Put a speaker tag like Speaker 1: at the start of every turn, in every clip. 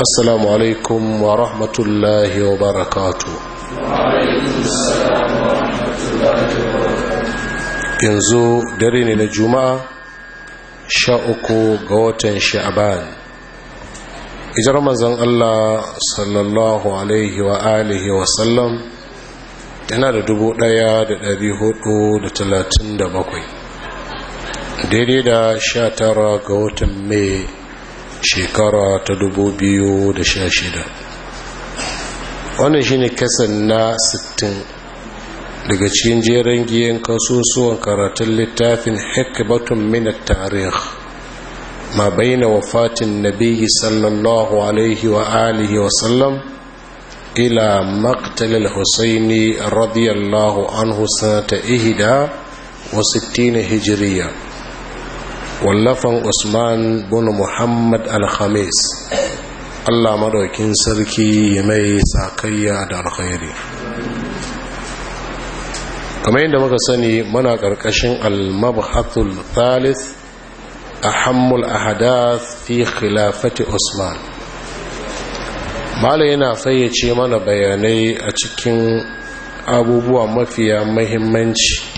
Speaker 1: assalamu alaikum wa rahmatullahi wa barakatu yanzu dare ne na juma'a sha uku ga watan sha'aban ijar manzan allah sallallahu alaihi wa alihi wa sallam yana da dubu ɗaya da dari hudu da talatin da bakwai daidai da sha tara ga watan mai shekara ta dubu biyu da sha shida. wannan shine kasan na sittin daga cikin jeren giyan kasusuwan karatun littafin hikmatun mina tarih ma bayyana wafatin biyu sallallahu alaihi wa alihi wa sallam ila maktalil husaini radiyallahu anhu sanata ihida wa sittina hijiriya wallafan usman bin muhammad al-khamis allah madaukin sarki mai sakayya da alkhairi kamar yadda muka sani muna ƙarƙashin al-mabhatul thalith ahammul ahadath fi khilafati usman mala yana fayyace mana bayanai a cikin abubuwa mafiya mahimmanci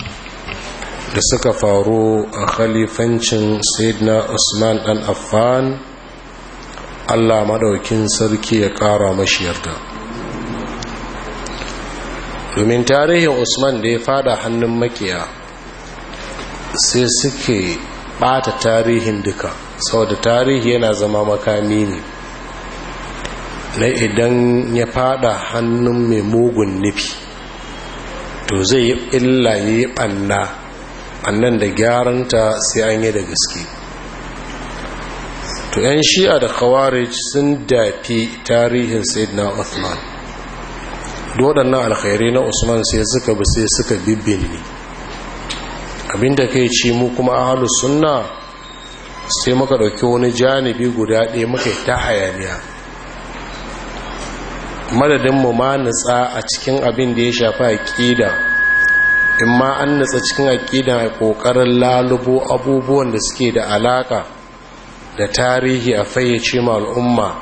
Speaker 1: da suka faru a khalifancin sayyidina usman dan affan allah maɗaukin sarki ya ƙara mashi yarda domin tarihin usman da ya fada hannun makiya sai suke ɓata tarihin duka saboda tarihi yana zama makami ne na idan ya fada hannun mai mugun nufi to zai yi illa ya yi ɓanna annan da gyaran ta sai an yi da gaske to 'yan shi'a da khawarij sun dafi tarihin na Uthman waɗannan alkhairi na Usman sai suka bi sai suka bibbinne abinda kai ci mu kuma ahlus sunna sai muka ɗauki wani janibi guda ɗaya muka ta hayaniya madadin mu ma nutsa a cikin abin da ya shafi aqida in ma an natsa cikin aƙida ƙoƙarin lalubo abubuwan da suke da alaƙa da tarihi a fayyace ma al'umma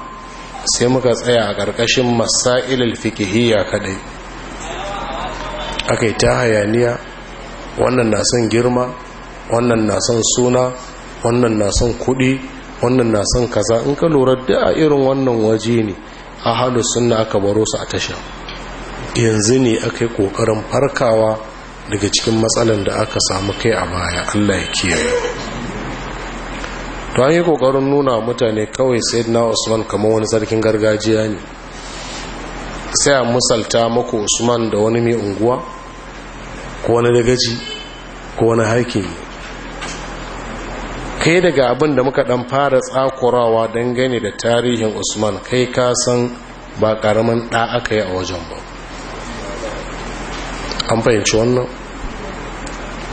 Speaker 1: sai muka tsaya a ƙarƙashin masailul fikihiyya kaɗai aka yi ta hayaniya wannan na son girma wannan na son suna wannan na son kuɗi wannan na son kaza in ka lura da a irin wannan waje ne a sunna suna aka baro su a tasha yanzu ne aka yi ƙoƙarin farkawa daga cikin matsalan da aka samu kai a baya Allah ya kiyaye to an yi kokarin nuna mutane kawai sayyidina Usman kamar wani sarkin gargajiya ne sai a musalta mako Usman da wani mai unguwa ko wani dagaji ko wani hakimi kai daga abin da muka dan fara tsakurawa dangane da tarihin Usman kai ka san ba karamin da aka yi a wajen ba an fahimci wannan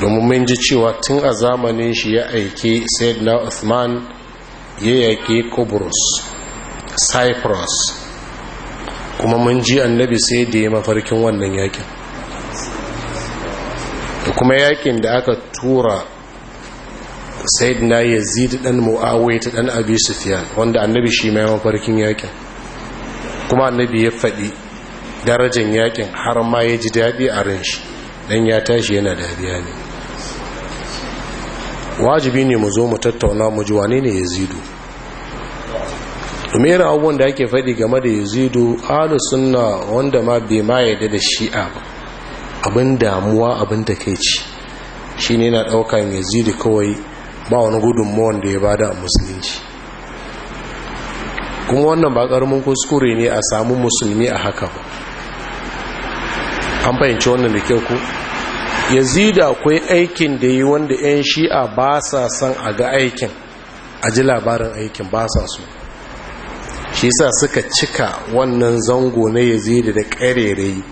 Speaker 1: domin mun ji cewa tun a zamanin shi ya aiki na Uthman ya yaƙi Kubrus Cyprus kuma mun ji annabi sai da ya mafarkin wannan yakin da kuma yakin da aka tura na Yazid dan Muawiya dan Abi Sufyan wanda annabi shi mai mafarkin yakin kuma annabi ya faɗi darajan yakin har ma ya ji daɗi a ran shi dan ya tashi yana dariya ne wajibi ne mu zo mu tattauna mu ji wane ne yazidu domin abubuwan da ake faɗi game da yazidu alu sunna wanda ma bai ma yadda da shi'a ba abin damuwa abin da kai ci shi ne na ɗaukan yazidu kawai ba wani gudunmawan da ya bada a musulunci kuma wannan ba ƙaramin kuskure ne a samu musulmi a haka ba an fahimci wannan da kyau ku yazida akwai aikin da yi wanda 'yan shi'a ba sa son a ga aikin a ji labarin aikin ba sa so shi sa suka cika wannan zango na yazida da ƙarerai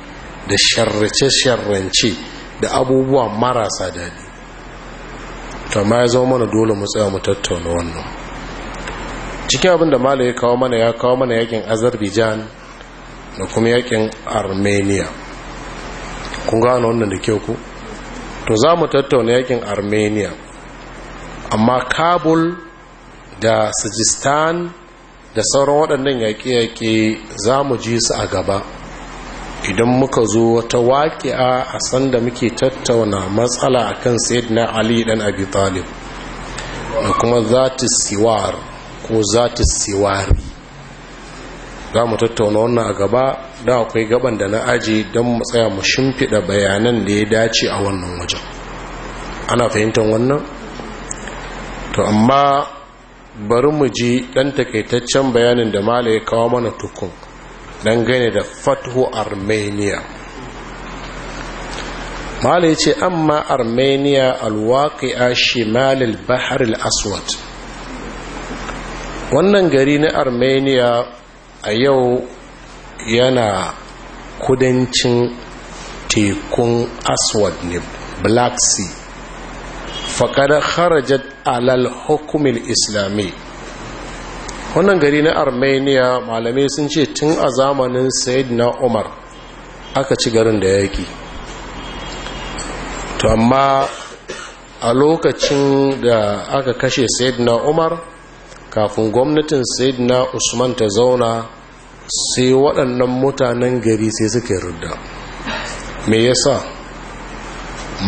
Speaker 1: da sharrace-sharrance da abubuwa marasa daɗi ta ma ya zama mana dole mu tsaya mu tattauna wannan cikin abin da mala ya kawo mana ya kawo mana yakin azerbaijan da kuma yakin armenia kun gano wannan da kyau ku to za mu tattauna yakin armenia amma kabul da sajistan da sauran waɗannan yaƙe-yaƙe za mu ji su a gaba idan muka zo wata waƙi'a a sanda muke tattauna matsala a kan said na ali dan abi talib da kuma zati siwar ko zati siwari za mu tattauna wannan a gaba da akwai gaban da na aji don matsaya mu shimfiɗa bayanan da ya dace a wannan wajen ana fahimtar wannan to amma bari mu ji ɗan takaitaccen bayanin da mala ya kawo mana tukun don gane da fatho armenia mala ya ce amma armenia alwaƙi'a shimalil bahar aswad wannan gari na armenia a yau yana kudancin tekun aswad ne black sea faƙar harajar alal hukumin islami wannan gari na armenia malamai sun ce tun a zamanin sayid na umar aka ci garin da yaƙi to amma a lokacin da aka kashe sayid na umar kafin gwamnatin sayid na usman ta zauna sai waɗannan mutanen gari sai suke rudda me yasa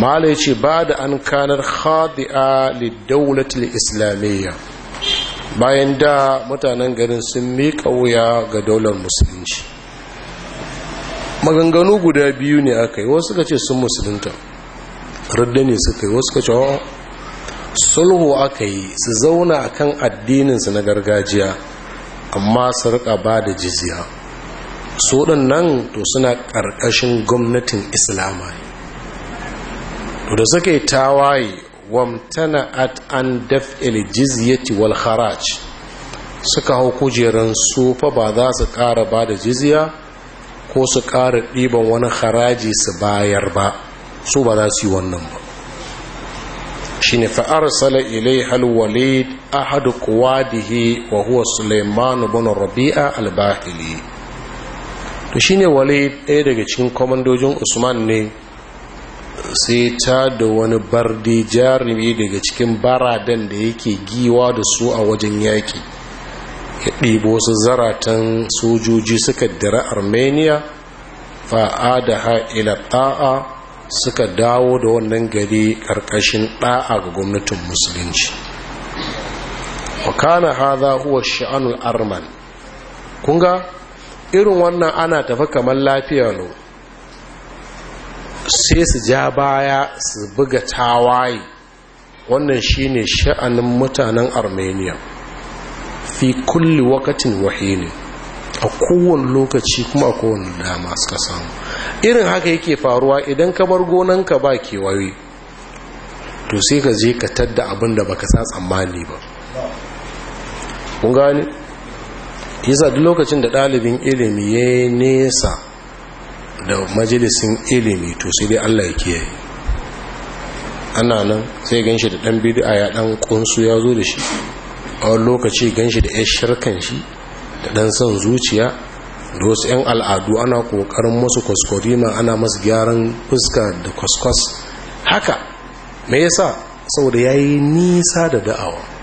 Speaker 1: malai ce ba da an kanar khadi'a lidawlatil islamiyya bayan da mutanen garin sun miƙa wuya ga daular musulunci maganganu guda biyu ne aka yi wasu ka ce sun musulunta rudda ne suka yi wasu ka ce sulhu aka yi su zauna akan addininsu na gargajiya amma su rika ba da jiziya su nan to suna ƙarƙashin gwamnatin islam to da suka yi tawaye wamtana at an daf'il jizyati wal haraj suka hau kujeran su fa ba za su ƙara ba da jiziya ko su ƙara ɗiban wani haraji su bayar ba su ba za su yi wannan ba fa'ar sala ilai halwalid ahadu quwadihi wa huwa Sulaiman ibn Rabi'a al-Bahili to shine wale ɗaya daga cikin komandojin Usman ne sai ta da wani bardi jarumi daga cikin baradan da yake giwa da su a wajen yaki ya ɗibo su zaratan sojoji suka dira Armenia fa'adaha ila ta'a suka dawo da wannan gari ƙarƙashin ɗa'a ga gwamnatin musulunci kana haza huwa sha'anul arman kunga irin wannan ana tafi kamar lafiya ne sai su ja baya su buga tawaye wannan shine sha'anin mutanen armenia fi kulli waqtin wahini a kowane lokaci kuma a kowane dama suka samu irin haka yake faruwa idan ka bar gonanka ba kewaye to sai ka je ka tadda abinda da baka sa tsammani ba kun gane yasa duk lokacin da ɗalibin ilimi ya nesa da majalisin ilimi to sai dai Allah ya kiyaye ana nan sai ganshi da ɗan bid'a ya ɗan kunsu ya zo da shi a wani lokaci ganshi da 'yan shirkan shi da ɗan son zuciya da wasu 'yan al'adu ana ƙoƙarin masu kwaskwarima ana masu gyaran fuska da kwaskwas haka me yasa saboda ya nisa da da'awa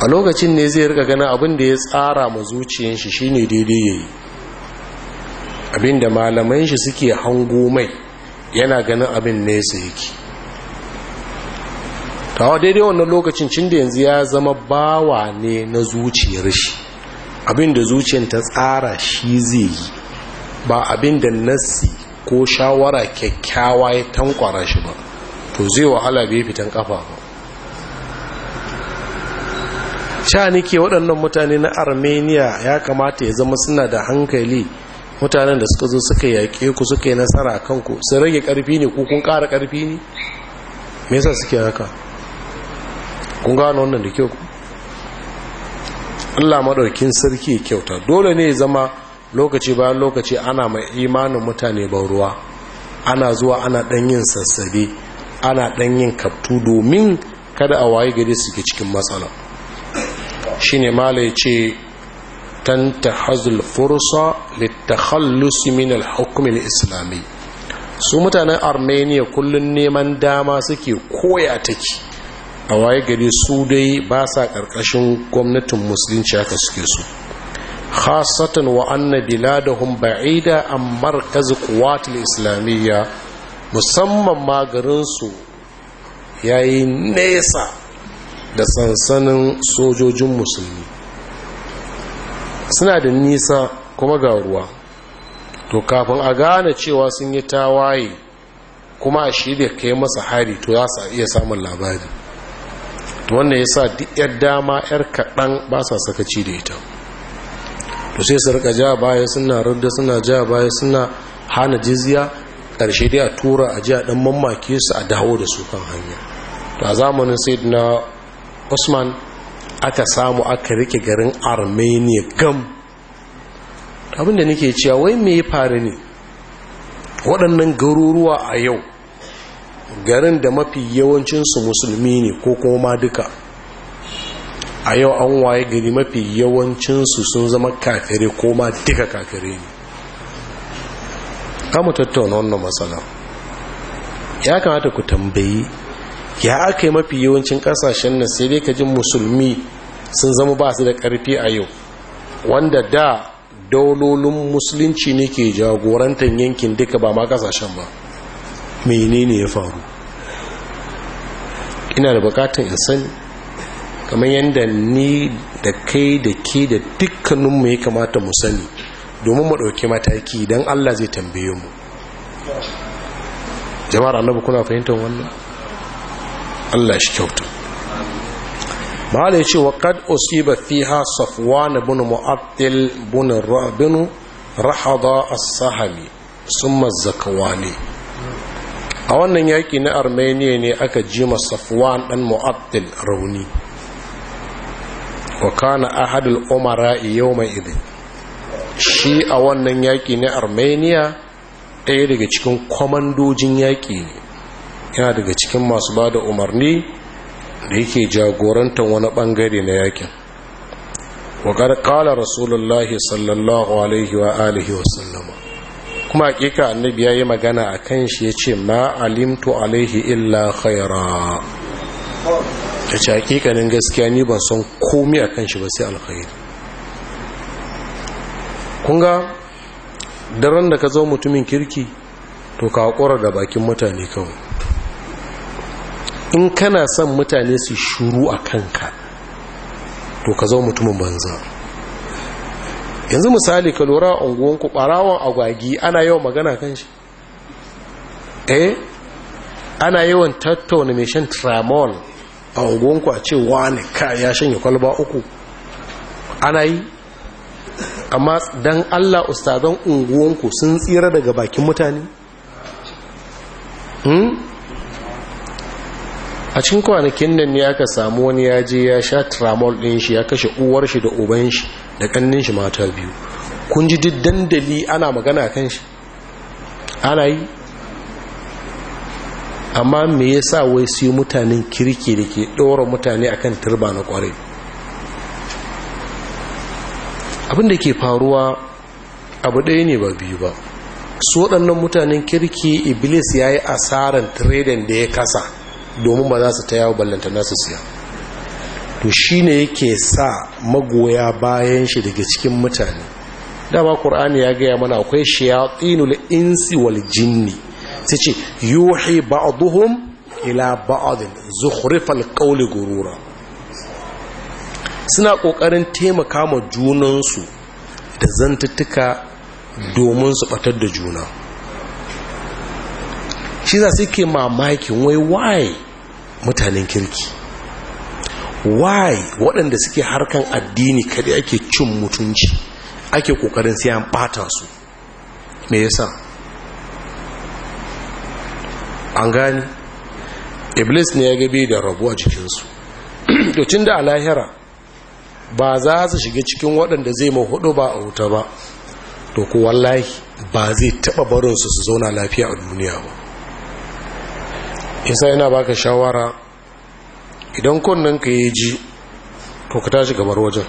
Speaker 1: a lokacin ne zai rika gana abin da ya tsara ma zuciyar shi shine daidai yayi abin da malaman shi suke hango mai yana ganin abin nesa yake tawa daidai wannan lokacin cin da yanzu ya zama bawa ne na zuciyar shi abin da zuciyar ta tsara shi zai yi ba abin da nassi ko shawara kyakkyawa ya tankwara shi ba to zai wahala bai fitan kafa ba ca nike waɗannan mutane na armenia ya kamata ya zama suna da hankali mutanen da suka zo suka yaƙe ku suka yi nasara a kanku sun rage ƙarfi ne ko kun ƙara ƙarfi ne me yasa suke haka kun gano wannan da kyau Allah maɗaukin sarki kyauta dole ne ya zama lokaci bayan lokaci ana mai imanin mutane ban ruwa ana zuwa ana dan yin sassabe ana ɗanyin yin kaftu domin kada a waye gari suke cikin matsala shine mala Tanta Hazul fursa litakhallus min hukumin islami su mutanen armenia kullum neman dama suke koya take a waye gari su dai ba sa karkashin gwamnatin musulunci haka suke su khasatan wa anna biladahum ba'ida an markaz quwat islamiyya musamman ma garin su yayi nesa da sansanin sojojin musulmi suna da nisa kuma ga ruwa to kafin a gane cewa sun yi tawaye kuma a shirya kai masa hari to za su iya samun labari to wannan ya sa duk yar dama yar kaɗan ba sa sakaci da ita to sai su rika ja baya suna rarda suna ja baya suna hana jizya ƙarshe dai a tura a jiya a ɗan mamaki su a dawo da su kan hanya to a zamanin sai na usman aka samu aka rike garin armenia gam abinda nake cewa wai me ya faru ne waɗannan garuruwa a yau garin da mafi yawancinsu musulmi ne ko kuma duka a yau an waye gari mafi yawancinsu sun zama kakare ko ma duka kakare ne kamutattaunan tattauna wannan matsala ya kamata ku tambayi ya aka yi mafi yawancin kasashen nan sai dai ka ji musulmi sun zama ba su da karfi a yau wanda da daulolin musulunci ne ke jagorantar yankin duka ba ma kasashen ba menene ya faru ina da bukatar in sani kamar yadda ni da kai da ke da dukkaninmu ya kamata mu sani domin mu ɗauki mataki don allah zai tambaye mu jama'ar annabu kuna fahimtar wannan Allah shi kyauta ma'ala yace wa qad usiba fiha safwan ibn mu'attil ibn rabin rahada as-sahami summa zakawani a wannan yaki na armenia ne aka ma safwan dan mu'attil rauni wa kana ahadul umara mai idin shi a wannan yaki na armenia ɗaya daga cikin kwamandojin yaƙi ne yana daga cikin masu ba da umarni da yake jagorantar wani bangare na yakin waƙar ƙala rasulullahi sallallahu alaihi wa alihi wasallama kuma hakika annabi ya yi magana a kan shi ya ce ma alimtu alaihi illa khaira ya ce hakikanin gaskiya ni ban son komi a kan shi ba sai alkhairi kunga daren da ka zo mutumin kirki to ka haƙura da bakin mutane kawai in kana son mutane su shuru a kanka to ka zo mutumin banza yanzu misali ka lura a unguwanku ɓarawon agwagi ana yawan magana kan shi eh ana yawan tattauna mai shan tramol a unguwanku a ce wani ka ya shanye kwalba uku ana yi amma don allah ustazan unguwanku sun tsira daga bakin mutane hmm? a cikin kwanakin nan ne aka samu wani ya je ya sha tramol ɗin shi ya kashe uwar shi da uban shi da ƙannin shi mata biyu kun ji duk dandali ana magana kan shi ana yi amma me ya sa wai su yi mutanen kirki da ke ɗora mutane akan turba na ƙwarai abin da ke faruwa abu ɗaya ne ba biyu ba su waɗannan mutanen kirki iblis ya yi asarar tiredin da ya kasa domin ba za su ta yawo ballanta nasu siya to shi ne yake sa magoya bayan shi daga cikin mutane dama ƙur'ani ya gaya mana akwai shayatinul insi wal jinni sai ce yuhi ila ba'din zukhrifal qawli gurura suna ƙoƙarin taimaka ma junansu da zantuttuka domin su batar da juna shi za su ke mamakin wai waye mutanen kirki why waɗanda suke harkan addini kaɗai ake cin mutunci ake ƙoƙarin sai an ɓata su me yasa an gani iblis ne ya gabe da rabu a jikinsu tun da alahira ba za su shiga cikin waɗanda zai mahudu ba a wuta ba to ku wallahi ba zai taɓa barinsu su zauna lafiya a duniya ba yasa yana baka shawara idan kunnen ka yi ji to ka tashi gabar wajen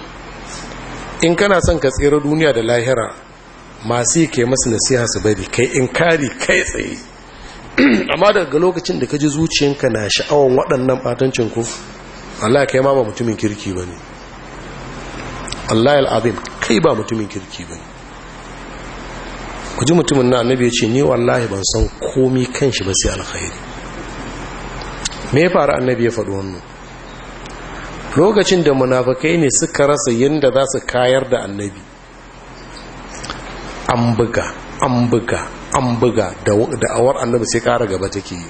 Speaker 1: in kana son ka tsere duniya da lahira masu ke masu nasiha su bari kai in kari kai tsaye amma daga lokacin da ka ji zuciyanka na sha'awan waɗannan ɓatancin ku Allah kai ma ba mutumin kirki ba ne Allah al'abin kai ba mutumin kirki ba ne ku ji mutumin na annabi ya ce ni wallahi ban san komi kan shi ba sai alkhairi me ya faru annabi ya faɗi wannan lokacin da munafakai ne suka rasa yadda za su kayar da annabi an buga an buga an buga da awar annabi sai kara gaba take yi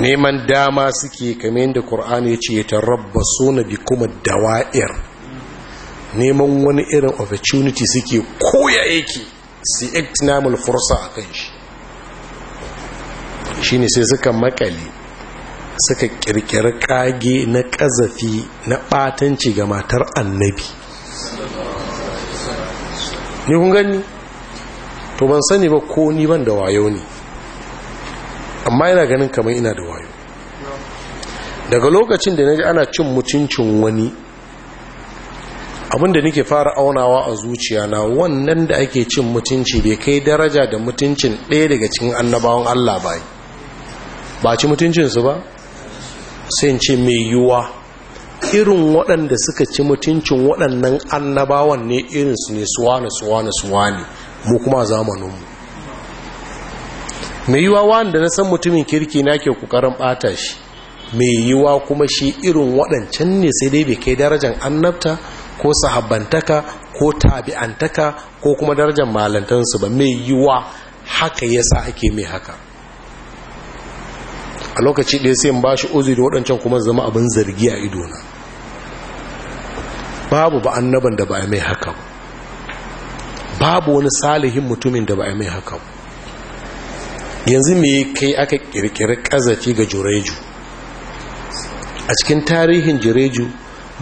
Speaker 1: neman dama suke kame da ƙur'ani ya ce ya tarabba suna bi kuma dawa'ir neman wani irin opportunity suke koya yake su iktinamul fursa a kan shi shi ne sai suka makale suka kirkiri kage na ƙazafi na ɓatanci ga matar annabi ni kun gani to ban sani ba ko ni ban da wayo ne amma yana ganin kamar ina da wayo daga lokacin da naji ana cin mutuncin wani abinda nake fara aunawa a zuciya na wannan da ake cin mutunci bai kai daraja da mutuncin ɗaya daga cikin annabawan Allah ba ba ci mutuncinsu ba sai ce mai yiwuwa irin waɗanda suka ci mutuncin waɗannan annabawan ne irinsu ne suwane suwane suwane mu kuma zamaninmu mai yiwuwa wanda na san mutumin kirki na ke kukarin ɓata shi mai yiwuwa kuma shi irin waɗancan ne sai dai bai kai darajar annabta ko sahabbantaka ko tabi'antaka ko kuma darajar malantansu ba mai yiwuwa haka yasa ake mai haka a lokaci ɗaya sai in ba shi da waɗancan kuma zama abin zargi a idona babu ba annaban da ba a mai haka babu wani salihin mutumin da ba a mai haka yanzu me kai aka kirkiri kazafi ga jureju a cikin tarihin jureju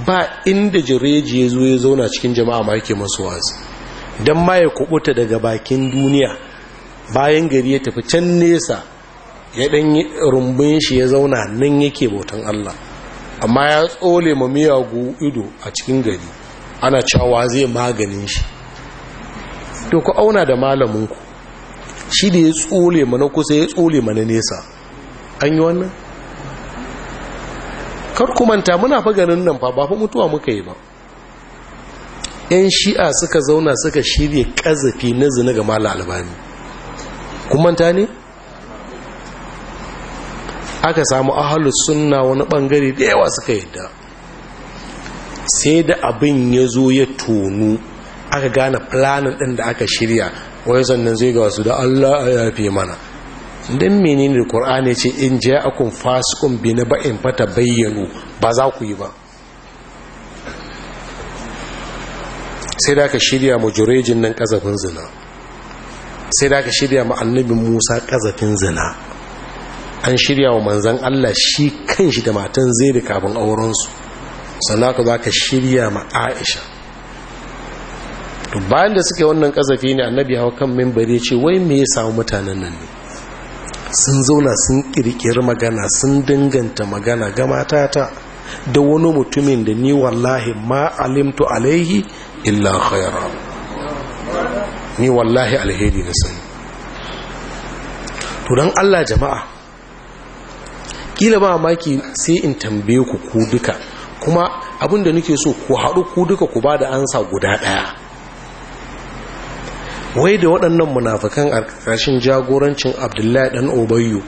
Speaker 1: ba inda jureji ya zo ya zauna cikin jama'a ma yake masu wazi don ma ya kubuta daga bakin duniya bayan gari ya tafi can nesa ya ɗan rumbun shi ya zauna nan yake bautan Allah amma ya tsole ma miyagu ido a cikin gari ana cewa zai maganin shi to ku auna da malaminku shi da ya tsole ma na kusa ya tsole ma na nesa an yi wannan kar ku manta muna fa ganin nan fa ba fa mutuwa muka yi ba yan shi'a suka zauna suka shirya kazafi na zina ga malalabani kun manta ne aka samu ahalus sunna wani bangare da yawa suka yadda sai da abin ya zo ya tonu aka gane planin ɗin da aka shirya wai sannan zai ga wasu da Allah ya yafe mana don menene Qur'ani ce in ja'akum fasiqun bi naba'in fatabayyanu ba za ku yi ba sai da aka shirya mu jurejin nan kazafin zina sai da aka shirya mu annabin Musa kazafin zina an shirya wa manzan Allah shi kan shi da matan zai zairi kafin aurensu sannan ka za ka shirya ma aisha bayan da suke wannan kasafi ne annabi hawa kan mimbari ce wai me ya samu mutanen nan ne sun zauna sun kirkiri magana sun danganta magana ga matata da wani mutumin da ni wallahi ma alimtu alaihi illa khaira ni wallahi alheri na sani to don allah jama'a kila ba maki sai in tambaye ku ku duka kuma abin da nake so ku haɗu ku duka ku ba da ansa guda ɗaya wai da waɗannan munafikan a ƙarshen jagorancin abdullahi ɗan obayu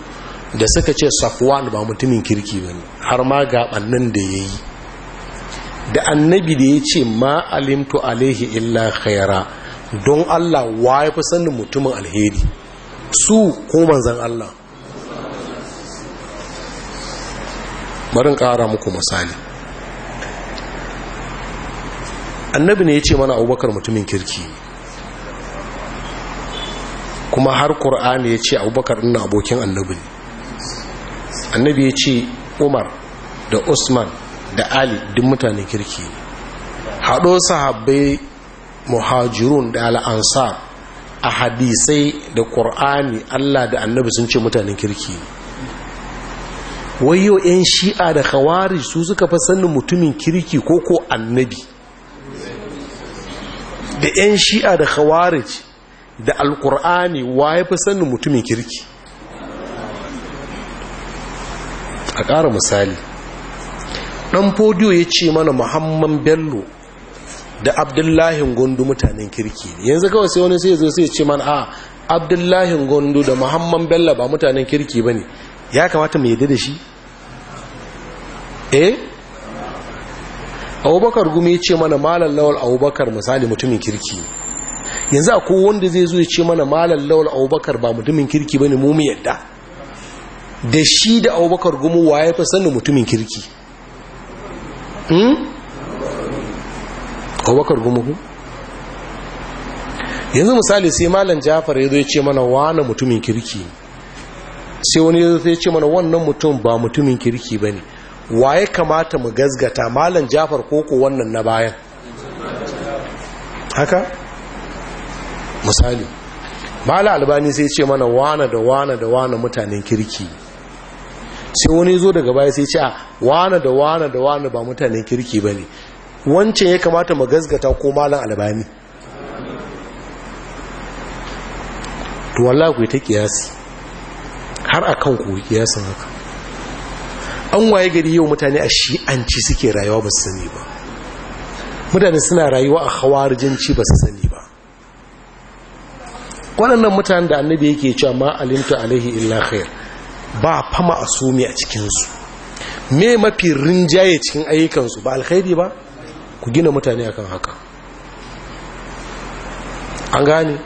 Speaker 1: da suka ce safwan ba mutumin kirki ba ne har ma ga ɓannan da ya yi da annabi da ya ce ma alimtu alaihi illa khaira don allah wa ya fi sanin mutumin alheri su ko manzan allah barin ƙara muku misali annabi ne ya ce mana abubakar mutumin kirki kuma har Kur'ani ya ce abubakar ina abokin annabi annabi ya ce umar da usman da ali duk mutanen kirki haɗo sahabbai muhajirun da al'ansar a hadisai da ƙur'ani allah da annabi sun ce mutanen kirki ne Wai yau 'yan shi'a da khawari su suka fi sannin mutumin kirki ko ko annabi da 'yan shi'a da khawari da alkur'ani wa ya fi sannin mutumin kirki a ƙara misali ɗan fodiyo ya ce mana muhamman bello da abdullahin gundu mutanen kirki yanzu kawai sai wani sai zo sai ce mana a abdullahin Gondu da muhamman bello ba mutanen kirki ba ne ya kamata mai yadda da shi eh abubakar gumi ya ce mana malar lawal abubakar misali mutumin kirki yanzu a wanda zai zo ya ce mana malar lawal abubakar ba mutumin kirki ba ne mu yadda da shi da abubakar gumi wa ya fi sannu mutumin kirki hmm? abubakar gumi ku yanzu misali sai malam jafar ya zo ya ce mana wane mutumin kirki sai wani ya zo ya ce mana wannan mutum ba mutumin kirki ba ne waye kamata mu gazgata malam jafar koko wannan na bayan haka misali malam albani sai ce mana wana da wana da wana mutanen kirki sai wani zo daga baya sai ce a ah, wana da wana da wana ba mutanen kirki ba ne wancan ya kamata mu gazgata ko malam albani to wallahi ku ta kiyasi har a kan ku kiyasin haka an waye gari yau mutane a shi'anci suke rayuwa ba su sani ba mutane suna rayuwa a hawarijinci ba su sani ba waɗannan mutane da annabi yake cewa ma alimtu alaihi illa khair ba fama asumi a cikinsu me mafi rinjaye cikin ayyukansu ba alkhairi ba ku gina mutane akan haka an gane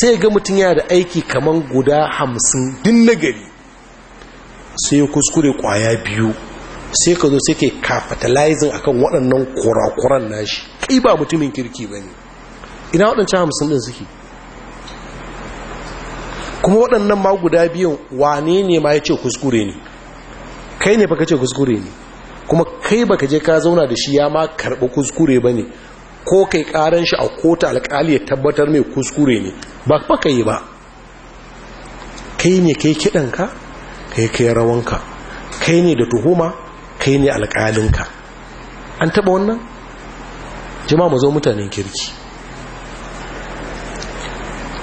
Speaker 1: sai ga mutum yana da aiki kaman guda hamsin din nagari sai ya kuskure kwaya biyu sai ka zo sai ke capitalizing akan waɗannan kurakuran nashi kai ba mutumin kirki ba ne ina waɗancan hamsin ɗin suke kuma waɗannan ma guda biyan wane ne ma ya ce kuskure ne kai ne baka ce kuskure ne kuma kai baka je ka zauna da shi ya ma karɓi kuskure ba ne ko kai ƙaran shi a kota alƙali ya tabbatar mai kuskure ne ba baka yi ba kai ne kai kiɗanka kai kai rawanka kai ne da tuhuma kai ne alƙalinka an taɓa wannan jima mu zo mutanen kirki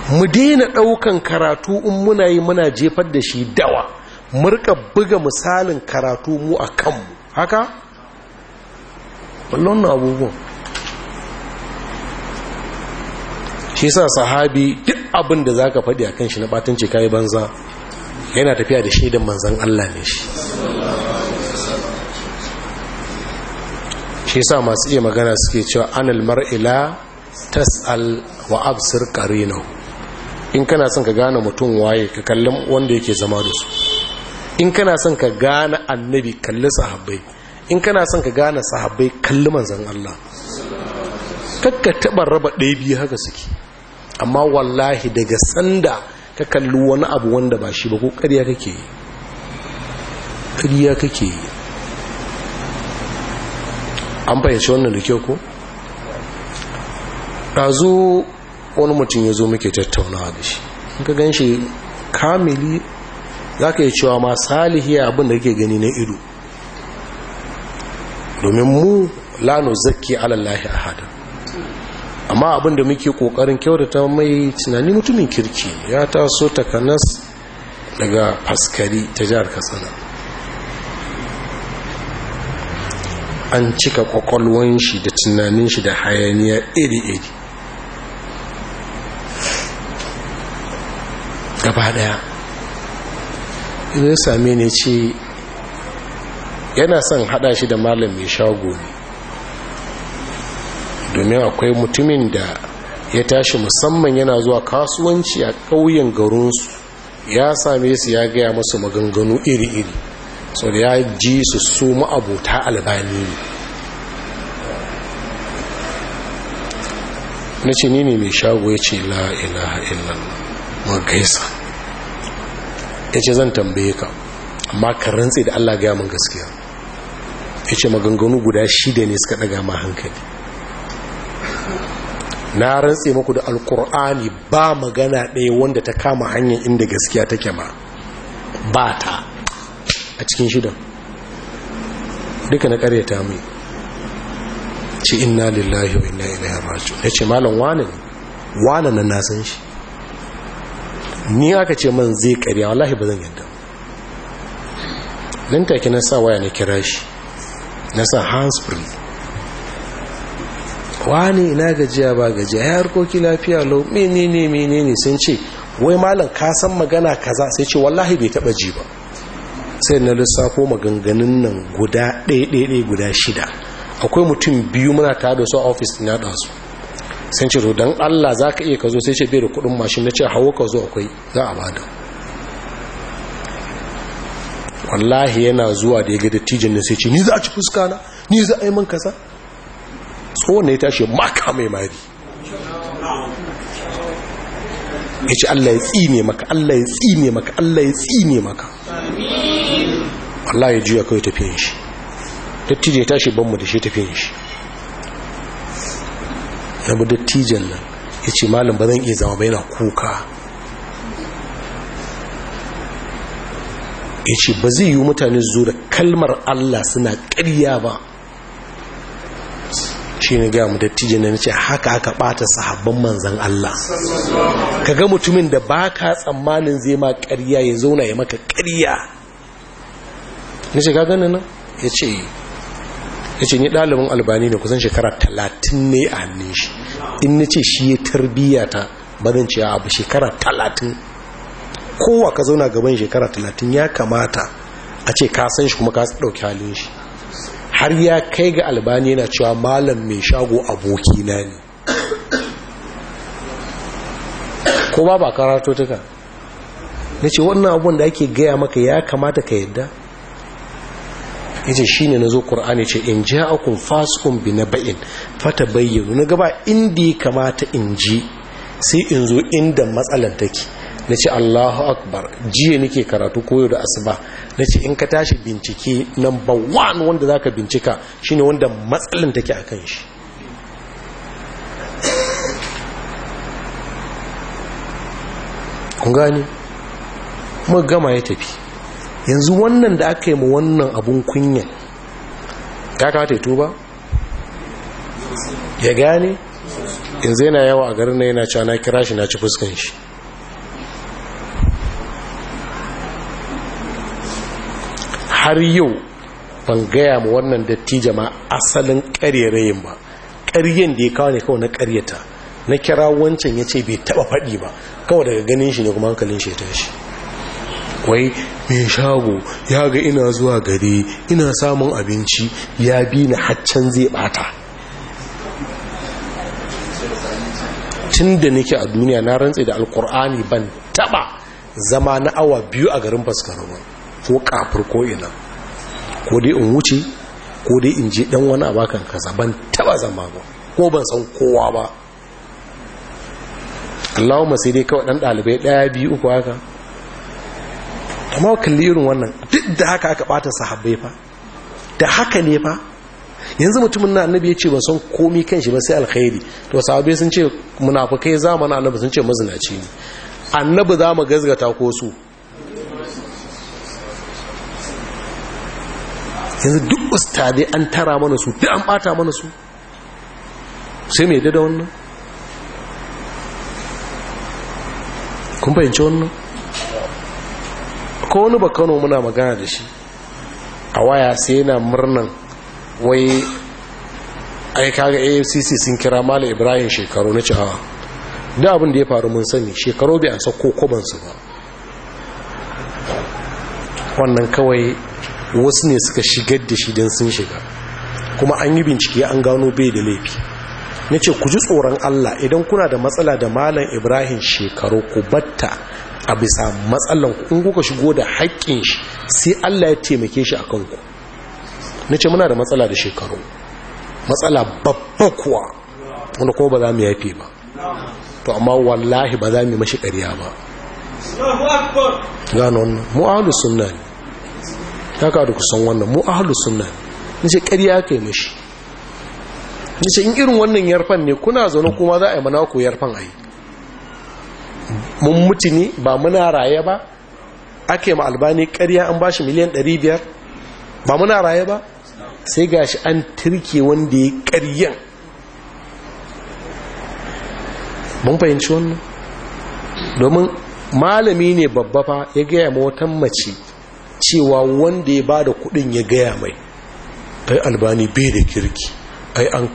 Speaker 1: mu daina ɗaukan karatu in muna yi muna jefar da shi dawa murka buga misalin karatu mu a kanmu haka? wallon abubuwan shi sa sahabi duk abin da za ka faɗi a kan shi na ɓatanci kayi banza yana tafiya da shaidan manzan Allah ne shi shi sa masu iya magana suke cewa anil mar'ila tas'al wa absir qarinahu in kana son ka gane mutum waye ka kallon wanda yake zama da su in kana son ka gane annabi kalli sahabbai in kana son ka gane sahabbai kalli manzan Allah kakka taɓa raba ɗaya biyu haka suke amma wallahi daga sanda ka kalli wani abu wanda ba shi ba ko ƙarya kake yi ƙarya kake yi an fahimci wannan da kyau ko ɗazu wani mutum ya zo muke tattaunawa da shi in ka gan shi kamili za ka yi cewa ma salihi abin da kake gani na ido domin mu lano zaki alallahi hadar amma abin da muke kokarin kyautata mai tunani mutumin kirki ya taso takanas daga faskari ta jihar katsina an cika kwakwalwan shi da tunanin shi da hayaniya iri-iri gaba daya idan same ne ce yana son hada shi da malam mai shago ne domin akwai mutumin da ya tashi musamman yana zuwa kasuwanci a ƙauyen garinsu ya same su ya gaya masu maganganu iri-iri so da ya ji su su ma'abuta albani ne na ce ni mai shago ya ce la'ilaha illan magaisa ya ce zan tambaye ka amma ka rantse da allah gaya min gaskiya ya ce maganganu guda shida ne suka ɗaga ma hankali na rantse muku da alkur'ani ba magana ɗaya wanda ta kama hanyar inda gaskiya take ma ba ta a cikin shidan duka na karyata mai ci inna lillahi wa inna ilaihi raji'un ce malam wane ne wane nan na san shi ni aka ce man zai karya wallahi ba zan yadda ɗin take na sa waya na kira shi na sa hands free wani ina gajiya ba gajiya ya harkoki lafiya lau menene menene sun ce wai malam ka san magana kaza sai ce wallahi bai taba ji ba sai na lissafo maganganun nan guda ɗaya ɗaya guda shida akwai mutum biyu muna tare da su a ofis na ɗansu sun ce to don allah za ka iya ka zo sai ce bai da kuɗin mashin na ce hawa ka zo akwai za a bada wallahi yana zuwa da ya ga dattijin na sai ce ni za a ci fuska na ni za a yi man kasa kowanne ya tashi maka mai mari ya ce Allah ya tsine maka Allah ya tsine maka Allah ya tsine maka Allah ya juya kawai tafiyan shi dattijo ya tashi banmu da shi tafiyan shi ya bi dattijan nan ya ce malam ba zan iya zama ba yana kuka ya ce ba zai yi mutane zo da kalmar Allah suna ƙarya ba shi ne ga mu dattijo na ce haka aka bata sahabban manzan Allah ka ga mutumin da ba ka tsammanin zai ma karya ya zauna ya maka ƙarya ce ka gane nan ya ya ce ni ɗalibin albani ne kusan shekara talatin ne a hannun shi in ce shi ya tarbiya ta ba zan ce abu shekara talatin kowa ka zauna gaban shekara talatin ya kamata a ce ka san shi kuma ka ɗauki halin shi har ya kai ga albani yana cewa malam mai shago abokina ne ko ba ba karatu tuka na ce wannan abun da ake gaya maka ya kamata ka yadda ya ce shi ne na zo ce in ji haƙun fasikun bi na ba'in fata bayyano na gaba inda ya kamata in ji sai in zo inda matsalar take na ce allahu akbar jiya nake karatu koyo da asuba na ce in ka tashi bincike number one wanda za ka bincika shine wanda matsalin take a kan shi gani kuma gama ya tafi yanzu wannan da aka yi mu wannan abun kunyan ya kawata ya tuba ya gane yanzu yana yawa a garin na yana cana kira shi na ci fuskan shi har yau ban gaya ma wannan dattijo ma asalin ƙaryarayin ba ƙaryen da ya kawo ne kawai na ƙaryata na kira wancan ya ce bai taɓa faɗi ba kawai daga ganin shi ne kuma hankalin shi ya tashi wai mai shago ya ga ina zuwa gare ina samun abinci ya bi ni haccan zai ɓata. tun da nake a duniya na rantse da alkur'ani ban taɓa zama na awa biyu a garin ba ko kafur ko ina ko dai in wuce ko dai in je dan wani abakan kaza ban taba zama ba ko ban san kowa ba Allahumma sai dai kawai dan dalibai daya biyu uku haka amma kalli irin wannan duk da haka aka bata sahabbai fa da haka ne fa yanzu mutumin na annabi ya ce ban san komi kanshi ba sai alkhairi to sahabbai sun ce munafukai zamanin annabi sun ce mazinaci ne annabi za mu gazgata ko su yanzu duk ustadai an tara mana su duk an bata mana su sai mai dada wannan kun fahimci wannan ko wani bakano muna magana da shi a waya sai yana murnan wai ai kaga afcc sun kira mala ibrahim shekaru na cewa da abin da ya faru mun sani shekaru bai an sauko kobansu ba wannan kawai wasu ne suka shigar da shi don sun shiga kuma an yi bincike an gano bai da laifi na ce ku ji tsoron Allah idan kuna da matsala da malam ibrahim shekaru ku batta a bisa matsalan kun kuka shigo da haƙƙin shi sai Allah ya taimake shi a kanku na ce muna da matsala da shekaru matsala babba kuwa wanda kuma ba za mu yafe ba to amma wallahi ba za mu mashi ƙarya ba gano mu'alu sunna ne ya ka da kusan wannan mu ahalu sunna nace ƙarya yi mashi nace in irin wannan yarfan ne kuna zaune kuma za a yi mana ku yarfan yi mun mutu ne ba muna raye ba ake ma albani ƙarya an bashi miliyan 500 ba muna raye ba sai gashi an turke wanda ya ƙaryan mun fahimci wannan domin malami ne babba fa ya gaya ma wata mace cewa wanda ya bada kudin ya gaya mai ai albani bai da kirki ai an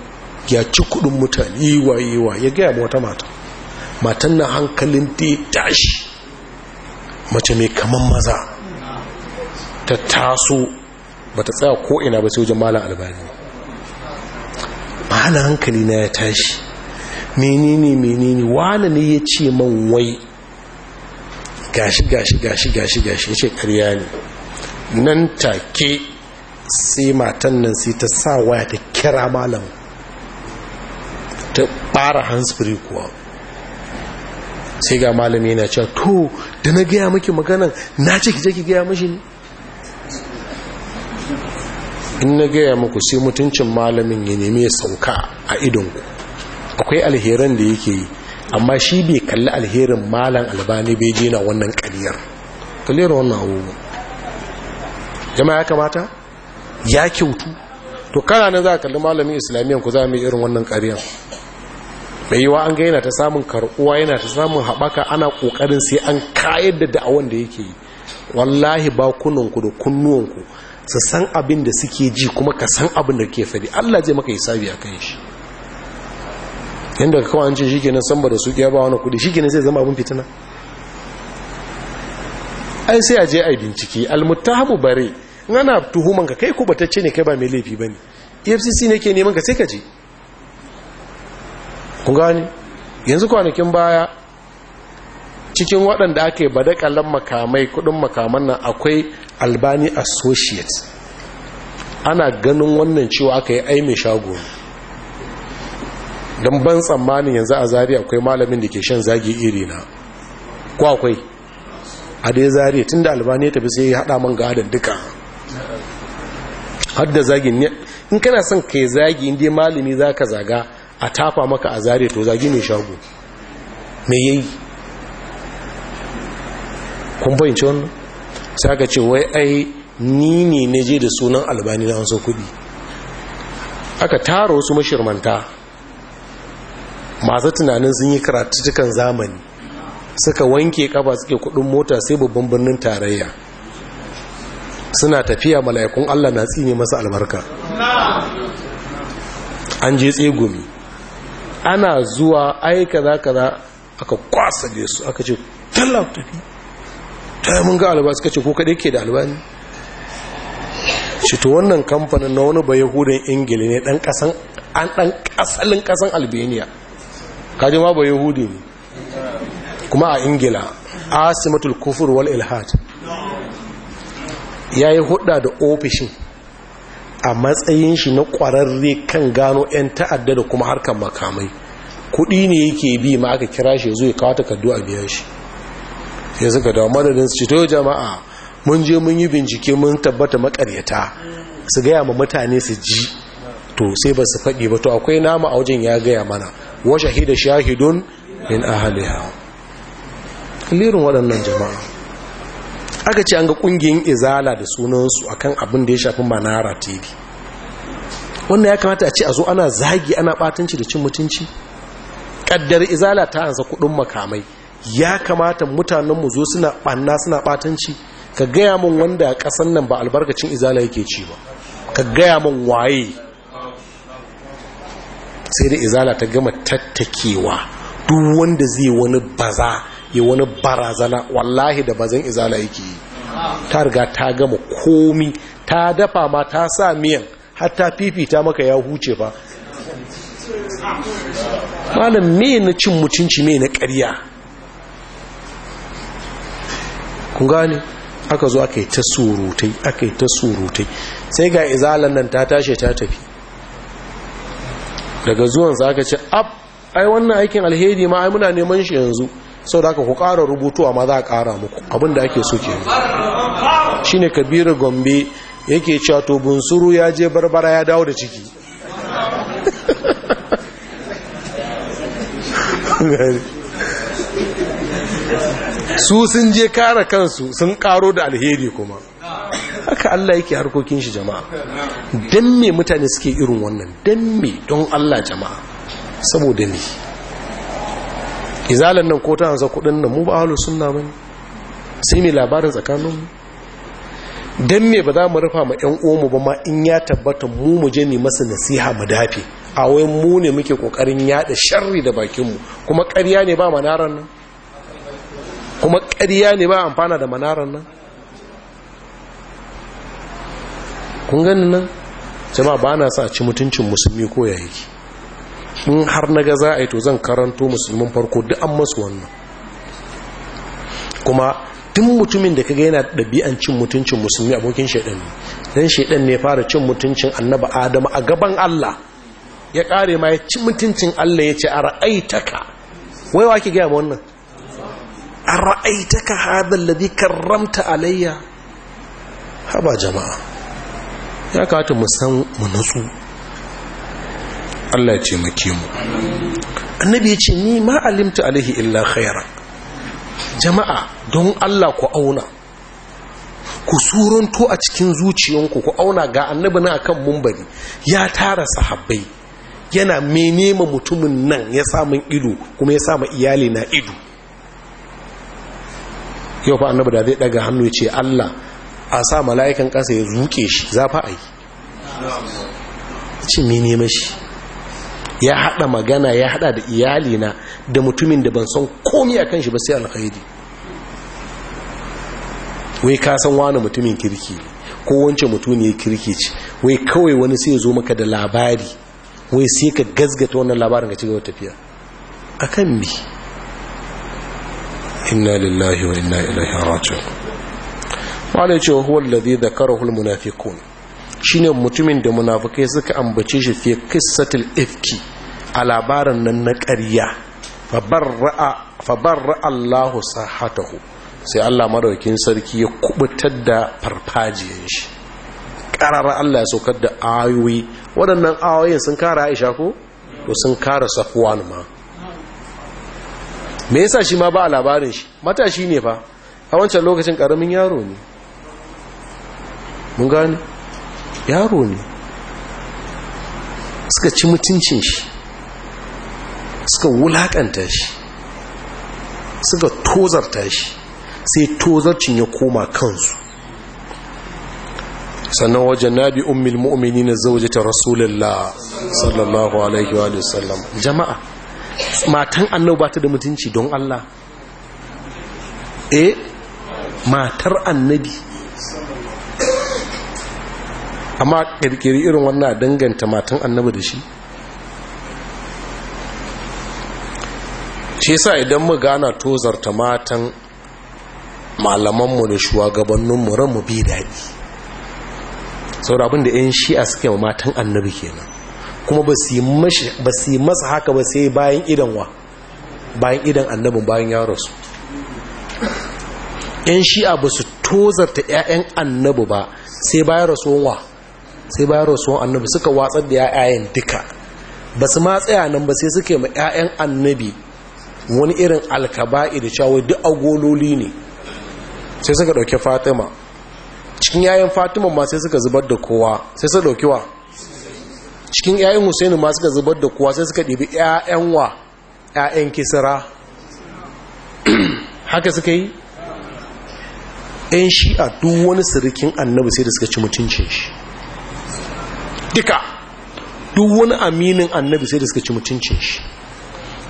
Speaker 1: ya ci kudin mutane yiwa yiwa ya gaya wata mata matan na hankalin ta tashi mace mai kaman maza ta taso ba ta tsaya ko'ina ba sai wajen malar albani ba hankali na ya tashi menene menene wane ne ya ce man wai gashi gashi gashi gashi gashi ya ce karya ne nan take sai matan nan sai ta sa waya ta kira malam ta ɓara hansfiri kuwa sai ga malam yana cewa to da na gaya maki maganan na ce ki ki gaya mashi ne in na gaya maku sai mutuncin malamin ya nemi ya sauka a idonku akwai alheran da yake yi amma shi bai kalli alherin malam albani bai jina wannan kaliyar, kaliyar wannan abubuwa jama'a ya kamata ya kyautu to kana nan za ka kalli malamin islamiyyan ku za mu irin wannan ƙaryan mai yiwa an ga yana ta samun karɓuwa yana ta samun haɓaka ana ƙoƙarin sai an kayar da da'awan da yake yi wallahi bakunanku da kunnuwanku su san abin da suke ji kuma ka san abin da ke faɗi Allah zai maka hisabi a kan shi yadda ka kawai an ce shikenan san ba da su ya ba wani kudi nan zai zama abin fitina ai sai a je ai bincike almuttahabu bare ana tuhuman ka kai ko ba ce ne kai ba mai laifi ba ne efcc ne ke neman ka sai ka je kun gani yanzu kwanakin baya cikin waɗanda aka yi badakalan makamai kudin makaman nan akwai albani associates ana ganin wannan cewa aka yi aimin shago don ban tsammanin yanzu a zari akwai malamin da ke shan zagi iri na ko akwai a dai zari tun da albani tafi sai ya haɗa man gadon duka har da ne in kana son kai zagi inda malami za ka zaga a tafa maka a zare to zagi mai shago mai yayi kun fahimci wannan sai ka ce wai ai ni ne na je da sunan albani na wasu kudi aka tara wasu mashirmanta masu tunanin sun yi cikin zamani suka wanke kafa suke kudin mota sai babban birnin tarayya suna tafiya mala'ikun Allah na tsine masa albarka an je tsegumi ana zuwa za kaza kaza aka kwasa da su aka ce tallaf tafi ta mun ga alba suka ce ko kaɗe ke da albani to wannan kamfanin na wani ba yahudan ingili ne ɗan ƙasan an ɗan ƙasalin ƙasan albaniya kaji ma yahudi ne kuma a ingila asimatul kufur wal ilhad ya yi hudda da ofishin a matsayin shi na ƙwararre kan gano 'yan ta'adda da kuma harkar makamai kuɗi ne yake bi ma aka kira shi zuwa kawo takardu a biyan shi ya suka da madadin su to jama'a mun je mun yi bincike mun tabbata makaryata su gaya ma mutane su ji to sai ba su faɗi ba to akwai nama a wajen ya gaya mana wa shahida shahidun min ahaliha lirin waɗannan jama'a aka ce an ga kungiyin izala da sunansu akan abin da ya shafi manara tv wannan ya kamata a ce a zo ana zagi ana batanci da cin mutunci kaddar izala ta ansa kudin makamai ya kamata mutanenmu zo suna banna suna batanci ka gaya min wanda a ƙasan nan ba albarkacin izala yake ci ba ka gaya min waye sai da izala ta gama tattakewa duk wanda zai wani baza yi wani barazana wallahi da bazan izala yake yi ta riga ta gama komi ta dafa ma ta sa miyan hatta fifita maka ya huce ba. malam me na cin mutunci me na ƙarya kun gane aka zo aka yi ta surutai aka yi ta surutai sai ga izalan nan ta tashi ta tafi daga zuwansa aka ce ab ai wannan aikin alheri ma ai muna neman shi yanzu sau da aka ku ƙara rubutu amma za a ƙara muku abinda ake so ke shi ne kabiru gombe yake cato, to bunsuru ya je barbara ya dawo da ciki su sun je kara kansu sun karo da alheri kuma haka Allah yake harkokin shi jama'a don me mutane suke irin wannan don me don Allah jama'a saboda ne izalan nan ko ta hansa kudin nan mu ba halu sunna bane sai mai labarin mu don me ba za mu rufa ma 'yan mu ba ma in ya tabbata mu mu je ne masa nasiha mu dafe a wai mu ne muke kokarin yada sharri da bakinmu kuma ƙarya ne ba manaran nan kuma ƙarya ne ba amfana da manaran nan kun ganin nan jama'a ba na sa ci mutuncin musulmi ko ya in har na ga za a yi to zan karanto musulmin farko duk an masu wannan kuma tun mutumin da kaga yana ɗabi'an cin mutuncin musulmi abokin shaidan ne dan shaidan ne fara cin mutuncin annaba adama a gaban Allah ya ƙare ma ya ci mutuncin Allah ya ce a ra'aitaka wai wa ki gaya ma wannan a ra'aitaka hadha karramta alayya haba jama'a ya kawata mu san mu nutsu Allah ce maki mu annabi ya ce ni ma alimtu alaihi illa khaira jama'a don Allah ku auna ku suranto a cikin zuciyanku ku auna ga annabi na akan mumbari ya tara sahabbai yana ma mutumin nan ya samun ido kuma ya samu iyali na ido yau fa annabi da zai daga hannu ya ce Allah a sa mala'ikan ƙasa ya zuke shi za fa a yi ce mene mashi. ya haɗa magana ya haɗa da iyalina da mutumin da ban san komi a kan shi ba sai alkhairi wai ka san wani mutumin kirki ko wancan mutumiyar kirki ce wai kawai wani sai zo maka da labari wai sai ka gazgata wannan labarin ka cigaba tafiya a kan bi inna lillahi wa inna ilaihi raji'un wala yace huwa allazi dhakarahu almunafiqun shine mutumin da munafukai suka ambace shi fi qissatil ifki a labarin nan na ƙarya fabarra Allahu sahatahu sai Allah madaukin sarki ya kubutar da farfajiyar shi karara Allah ya saukar da ayoyi waɗannan ayoyin sun kara Aisha ko to sun kara Safwan ma me yasa shi ma ba a labarin shi matashi ne fa a wancan lokacin ƙaramin yaro ne mun gane yaro ne suka ci mutuncin shi suka wulaƙanta shi suka tozarta shi sai tozarcin ya koma kansu sannan wajen nabi umil mu'mini na zaujata rasulullah sallallahu alaihi wa sallam jama'a matan annabi ba ta da mutunci don Allah eh matar annabi amma kirkiri irin wannan danganta matan annabi da shi shi sa idan mu gana tozarta matan malamanmu da shugabanninmu ran mu bi daɗi saboda abinda 'yan shi'a suke wa matan annabi kenan kuma ba su yi masa haka ba sai bayan idan wa bayan idan annabi bayan yaro su 'yan shi'a ba su tozarta 'ya'yan annabi ba sai bayan rasuwan wa sai bayan rasuwan annabi suka watsar da ya'yan duka ba su matsaya nan ba sai suke ma ya'yan annabi wani irin alkaba'i da cewa duk agololi ne sai suka dauki fatima cikin ya'yan fatima ma sai suka zubar da kowa sai suka dauki wa cikin ya'yan husaini ma suka zubar da kowa sai suka ɗibi yayan wa yayan kisira haka suka yi yan a duk wani sirikin annabi sai da suka ci mutuncin shi duka duk wani aminin annabi sai da suka ci mutuncin shi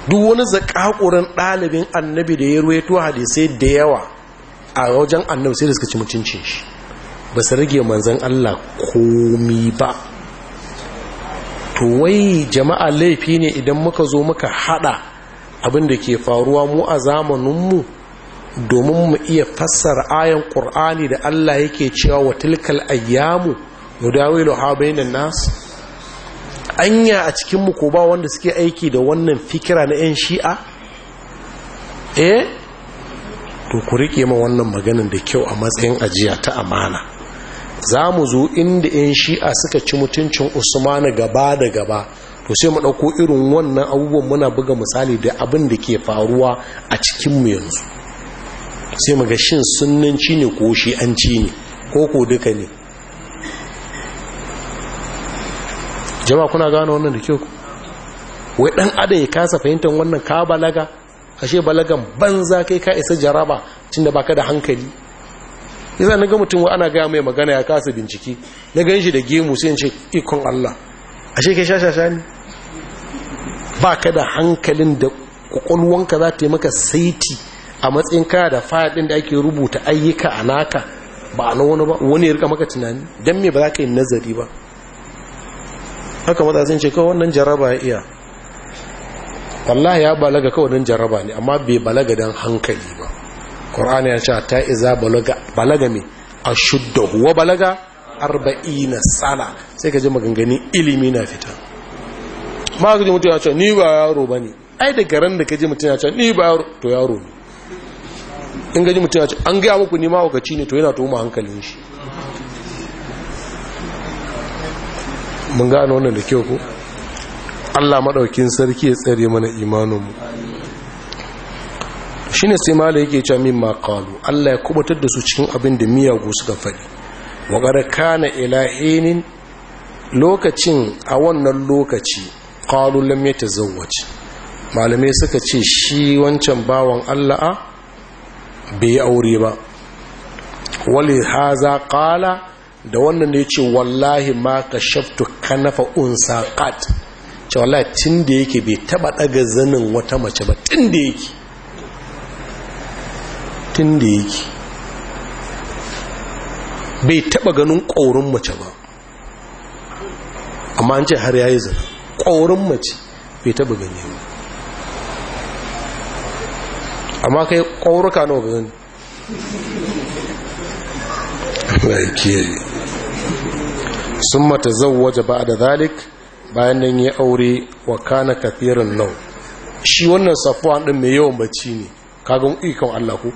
Speaker 1: duk wani zakakurin ɗalibin annabi da ya ruwaito hadisai da yawa a wajen annabi sai da suka ci mutuncin shi ba su rage manzan Allah komi ba to wai jama'a laifi ne idan muka zo muka hada abin da ke faruwa mu a zamaninmu domin mu iya fassara ayan ƙur'ani da Allah yake cewa wa tilkal ayyamu yudawilu ha bainan nas anya a cikin mu ko ba wanda suke aiki da wannan fikira na yan shi'a eh to ku rike ma wannan maganin da kyau a matsayin ajiya ta amana za mu zo inda yan shi'a suka ci mutuncin usmanu gaba da gaba to sai mu ɗauko irin wannan abubuwan muna buga misali da abin da ke faruwa a cikinmu yanzu sai mu ga shin sunnanci ne ko shi'anci ne ko ko duka ne jama'a kuna gano wannan da kyau wai dan adam ya kasa fahimtar wannan ka balaga ashe balagan banza kai ka isa jaraba tunda baka da hankali yasa naga mutum wa ana gaya mai magana ya kasa bincike na gan shi da gemu sai in ce ikon Allah ashe kai shasha ne baka da hankalin da kokolwanka za ta yi maka saiti a matsayin kaya da fadin da ake rubuta ayyuka a naka ba a wani ba wani ya rika maka tunani dan me ba za ka yi nazari ba haka zan ce kawai wannan jaraba ya iya wallahi ya balaga kawai wannan jaraba ne amma bai balaga don hankali ba ƙorani ya ce ta iza balaga mai a shudda huwa balaga na sana sai ka ji magangani ilimi na fita ma ka ji mutum ya ce ni ba yaro ba ne ai da garan da ka ji mutum ya ce ni ba yaro to yaro ne in gaji mutum ya ce an gaya muku nima wakaci ne to yana tuhuma hankalin shi mun gano wannan da kyau ko Allah madaukin sarki ya tsare mana imaninmu shine sai mala yake cewa min ma qalu Allah ya kubutar da su cikin abin da miyagu suka faɗi wa qad kana ilahinin lokacin a wannan lokaci qalu lam yatazawwaj malamai suka ce shi wancan bawan Allah a bai aure ba wali haza qala da wannan ne ce wallahi ma ka shaftu kanafa unsa qat ce wallahi tun da yake bai taba daga zanin wata mace ba tun da yake tun da yake bai taba ganin ƙaurin mace ba amma an ce har yayi zana ƙaurin mace bai taba gani ba amma kai ƙauruka nawa ba zan ba ya kiyaye sun mata waje ba da zalik bayan nan ya aure wa kana kathirin nau shi wannan safuwa ɗin mai yawan bacci ne kagan ikon Allah ku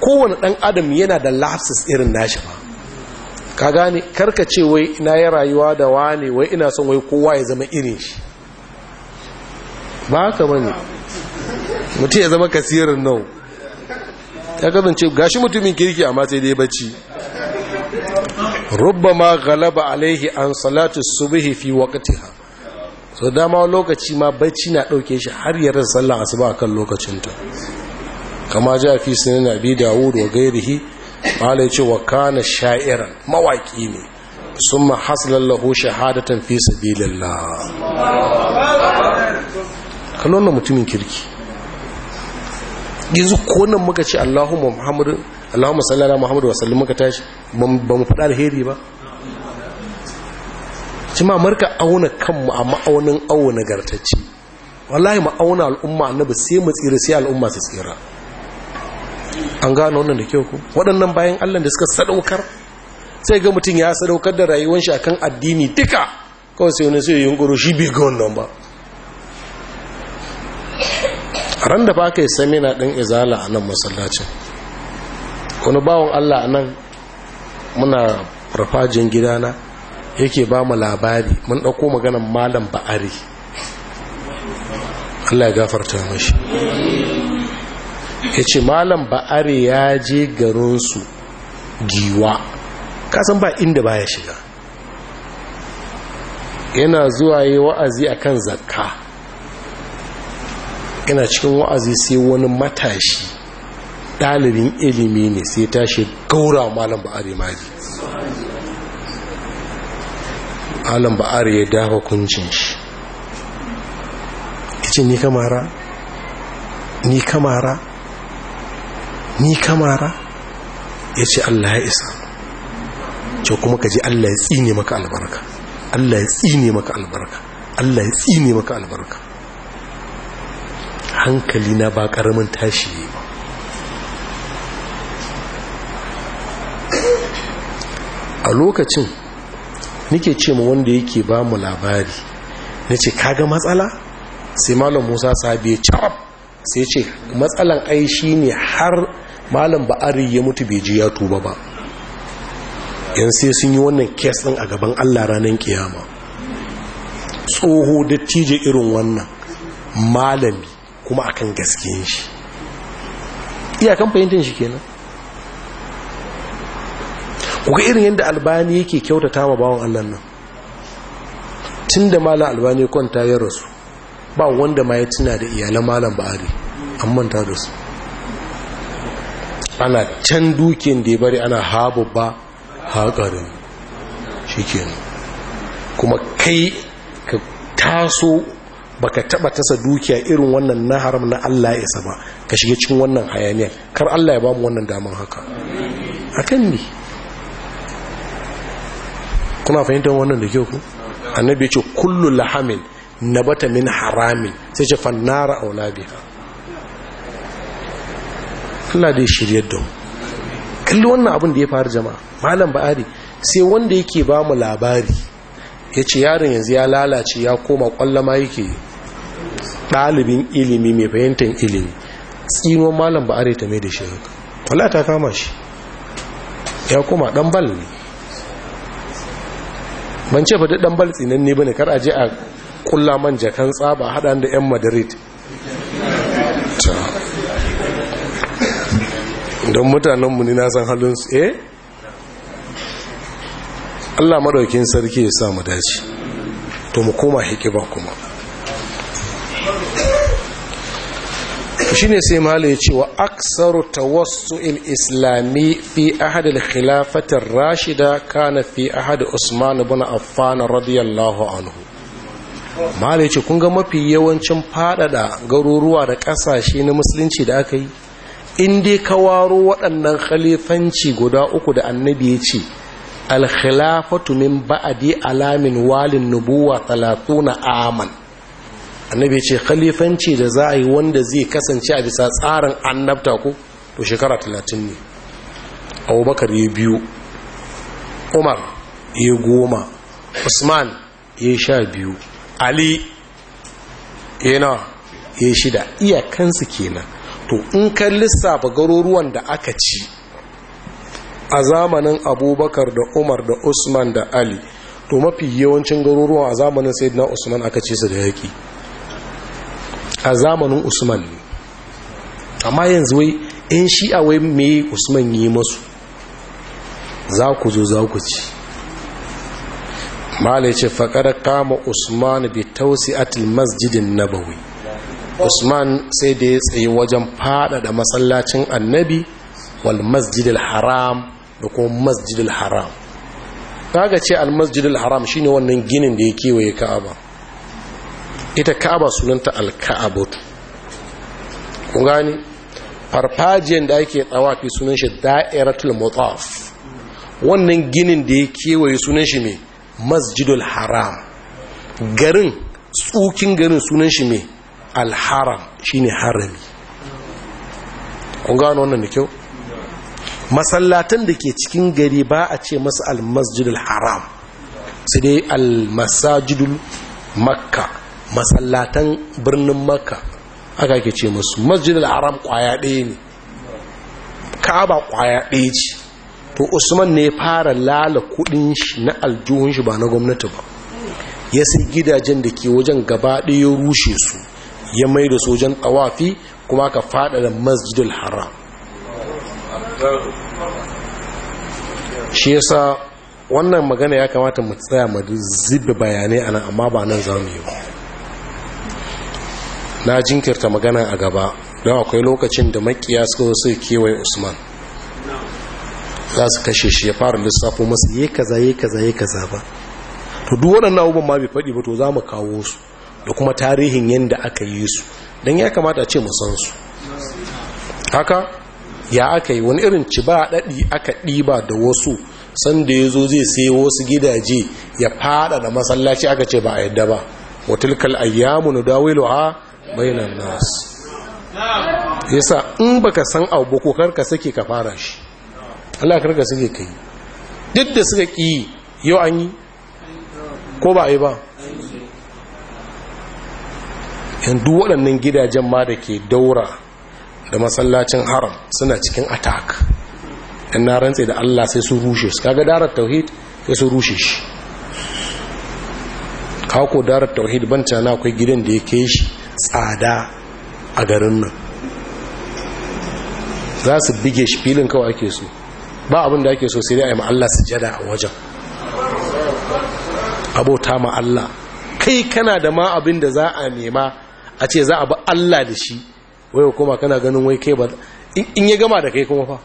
Speaker 1: kowane ɗan adam yana da lapses irin nashi ba ka gane ce wai ina ya rayuwa da wane wai ina son wai kowa ya zama irin shi ba haka ne. mutum ya zama kasirin nau ya kasance gashi mutumin kirki amma sai dai bacci ma galaba alaihi an salatu subhi fi waqtiha so dama lokaci ma bacci na dauke shi har ya rasa sallar asuba kan lokacin ta kama ja fi sunan abi dawud wa ghairihi malai ce wa kana sha'iran mawaki ne summa haslallahu shahadatan fi sabilillah kallon mutumin kirki yanzu ko nan muka ce Allahumma Muhammadin Allahumma salli ala Muhammad wa sallim muka tashi ba mu fada alheri ba cima marka auna kanmu a ma'aunin auna. gartacci wallahi ma'auna al'umma annabi sai mu tsira sai al'umma su tsira an gano wannan da kyau ku waɗannan bayan Allah da suka sadaukar sai ga mutum ya sadaukar da rayuwar shi akan addini duka kawai sai wani sai yunkuro shi bi ga wannan ba ran da ba ka samina izala a nan masallacin wani bawan Allah nan muna rafajin gidana yake ba mu labari mun ɗauko maganan malam ba'ari Allah ya gafarta mashi ya ce malam ba'ari ya je garinsu giwa kasan ba inda ba ya shiga yana zuwa yi wa'azi akan zakka yana cikin wa'azi sai wani matashi ɗalibin ilimi ne sai ta shi gaura malam ba'ari maji malam ba'ari ya dafa kuncin shi ce ni kamara ni kamara ni kamara ya ce allah ya isa ce kuma ka ji allah ya tsine maka albarka allah ya tsine maka albarka allah ya tsine maka albarka hankali na ba ƙaramin tashi ba a lokacin nike ce ma wanda yake ba mu labari na ce kaga matsala sai malam musa sabi ya carab sai ce matsalan ai shi ne har malam ba'ari ya mutu bai ji ya tuba ba yan sai sun yi wannan kes ɗin a gaban allah ranar kiyama tsoho dattijo irin wannan malami kuma akan gaskiyan shi iya iyakan fahimtar shi kenan kuka irin yadda albani yake kyautata ma bawan allah nan tun da malam albani kwanta ya rasu ba wanda ma ya tuna da iyalan malam ba'ari an manta da su ana can dukiyar da ya bari ana haɓu haƙarin shi kuma kai ka taso ba ka taɓa tasa dukiya irin wannan na haram na Allah ya isa ba ka shiga cikin wannan hayaniyar kar Allah ya bamu wannan daman haka akan ne kuna fahimtar wannan da kyau ku annabi ce kullu lahamin nabata min haramin sai ce fannara aula biha Allah da ya shirya da mu kalli wannan abin da ya faru jama'a malam ba'ari sai wanda yake ba mu labari ya ce yaron yanzu ya lalace ya koma kwallama yake dalibin ilimi mai fahimtar ilimi tsinon malam ba'ari ta mai da shi haka ta kama shi ya koma dan bal ban ce ba duk dan nan ne bane kar a je a kulla man jakan tsaba hadan da yan madrid don mutanenmu ne na san halin su eh Allah madaukin sarki ya sa mu dace to mu koma hikiba kuma ne sai mahala ya ce wa aksaru tawassu'il islami fi ahad al-khilafatir rashida kana fi ahad usman ibn affan radiyallahu anhu mahala ya ce kun ga mafi yawancin fadada garuruwa da kasashe na musulunci da aka yi in dai ka waro waɗannan khalifanci guda uku da annabi ya ce al-khilafatu min ba'di alamin walin nubuwa 30 aman annabi ce khalifanci da za a yi wanda zai kasance a bisa tsarin annabta ko to shekara talatin ne abubakar ya biyu umar ya goma usman ya sha biyu ali yana ya shida iyakansu kenan to in kan lissafa garuruwan da aka ci a zamanin abubakar da umar da usman da ali to mafi yawancin garuruwan a zamanin sai na usman aka ci su da yaƙi a zamanin usman ne amma yanzu wai in shi'a wai me usman yi masu za ku zo za ku ci mala ce faƙar kama usman bi tausi atil masjidin nabawi usman sai da ya tsaye wajen faɗaɗa masallacin annabi wal masjidil haram da kuma masjidil haram ga ce al masjidil haram shine wannan ginin da ya kewaye ka'aba ita ka'aba sunanta alka'abut ku gani farfajiyar da ake tsawafi sunan shi da'iratul mutaf wannan ginin da ya kewaye sunan shi mai masjidul haram garin tsukin garin sunan shi mai alharam shine harami ku gano wannan da kyau masallatan da ke cikin gari ba a ce masu almasjidul haram su dai almasajidul makka masallatan birnin makka aka ke ce musu masjid al-haram kwaya ɗaya ne ka'aba kwaya ɗaya ce to usman ne fara lala kudin shi na aljuhun shi ba na gwamnati ba ya sai gidajen da ke wajen gaba ɗaya rushe su ya mai da sojan tsawafi kuma ka fada da Masjid haram shi yasa wannan magana ya kamata mu tsaya mu zube bayanai anan amma ba nan za mu yi ba na jinkirta magana a gaba don akwai lokacin da makiya suka zo kewaye usman za su kashe shi ya fara lissafo masu yi kaza yi kaza yi kaza ba to duk waɗannan abubuwan ma bai faɗi ba to za mu kawo su da kuma tarihin yadda aka yi su don ya kamata a ce mu san su haka ya aka yi wani irin ci ba daɗi aka ɗiba da wasu sanda ya zo zai sai wasu gidaje ya fada da masallaci aka ce ba a yadda ba watilkal ayyamu na dawilu a bainan nas yasa in baka san abu ko karka sake ka fara shi Allah karka sake kai duk da suka ki yau an yi ko ba yi ba duk waɗannan gidajen ma da ke daura da masallacin haram suna cikin attack yan na rantse da Allah sai su rushe su kaga darar tauhid sai su rushe shi kako darar tauhid banta na akwai gidan da ya kai shi tsada a garin nan za su bige shi filin kawai ake so ba abin da ake so sai dai a yi ma'alla jada a wajen abota ma'alla kai kana da ma abin da za a nema a ce za a bi Allah da shi wai kuma kana ganin wai kai ba in ya gama da kai kuma fa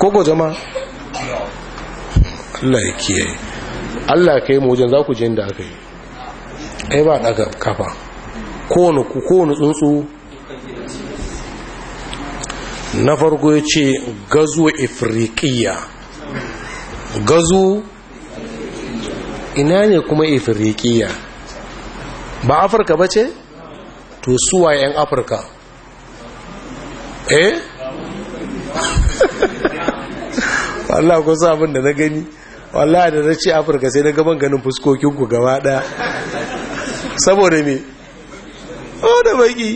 Speaker 1: koko jama'a Allah ya kiyaye Allah kai mu wajen za ku je inda aka yi ai ba daga kafa kowane ku kowane tsuntsu na farko ya ce gazu ifriqiya gazu ina ne kuma ifriqiya ba afirka ba ce to suwa 'yan afirka eh Allah ku sa abin da na gani wallahi da na ce afirka sai na gaban ganin fuskokinku gaba ɗaya saboda me o oh, da baki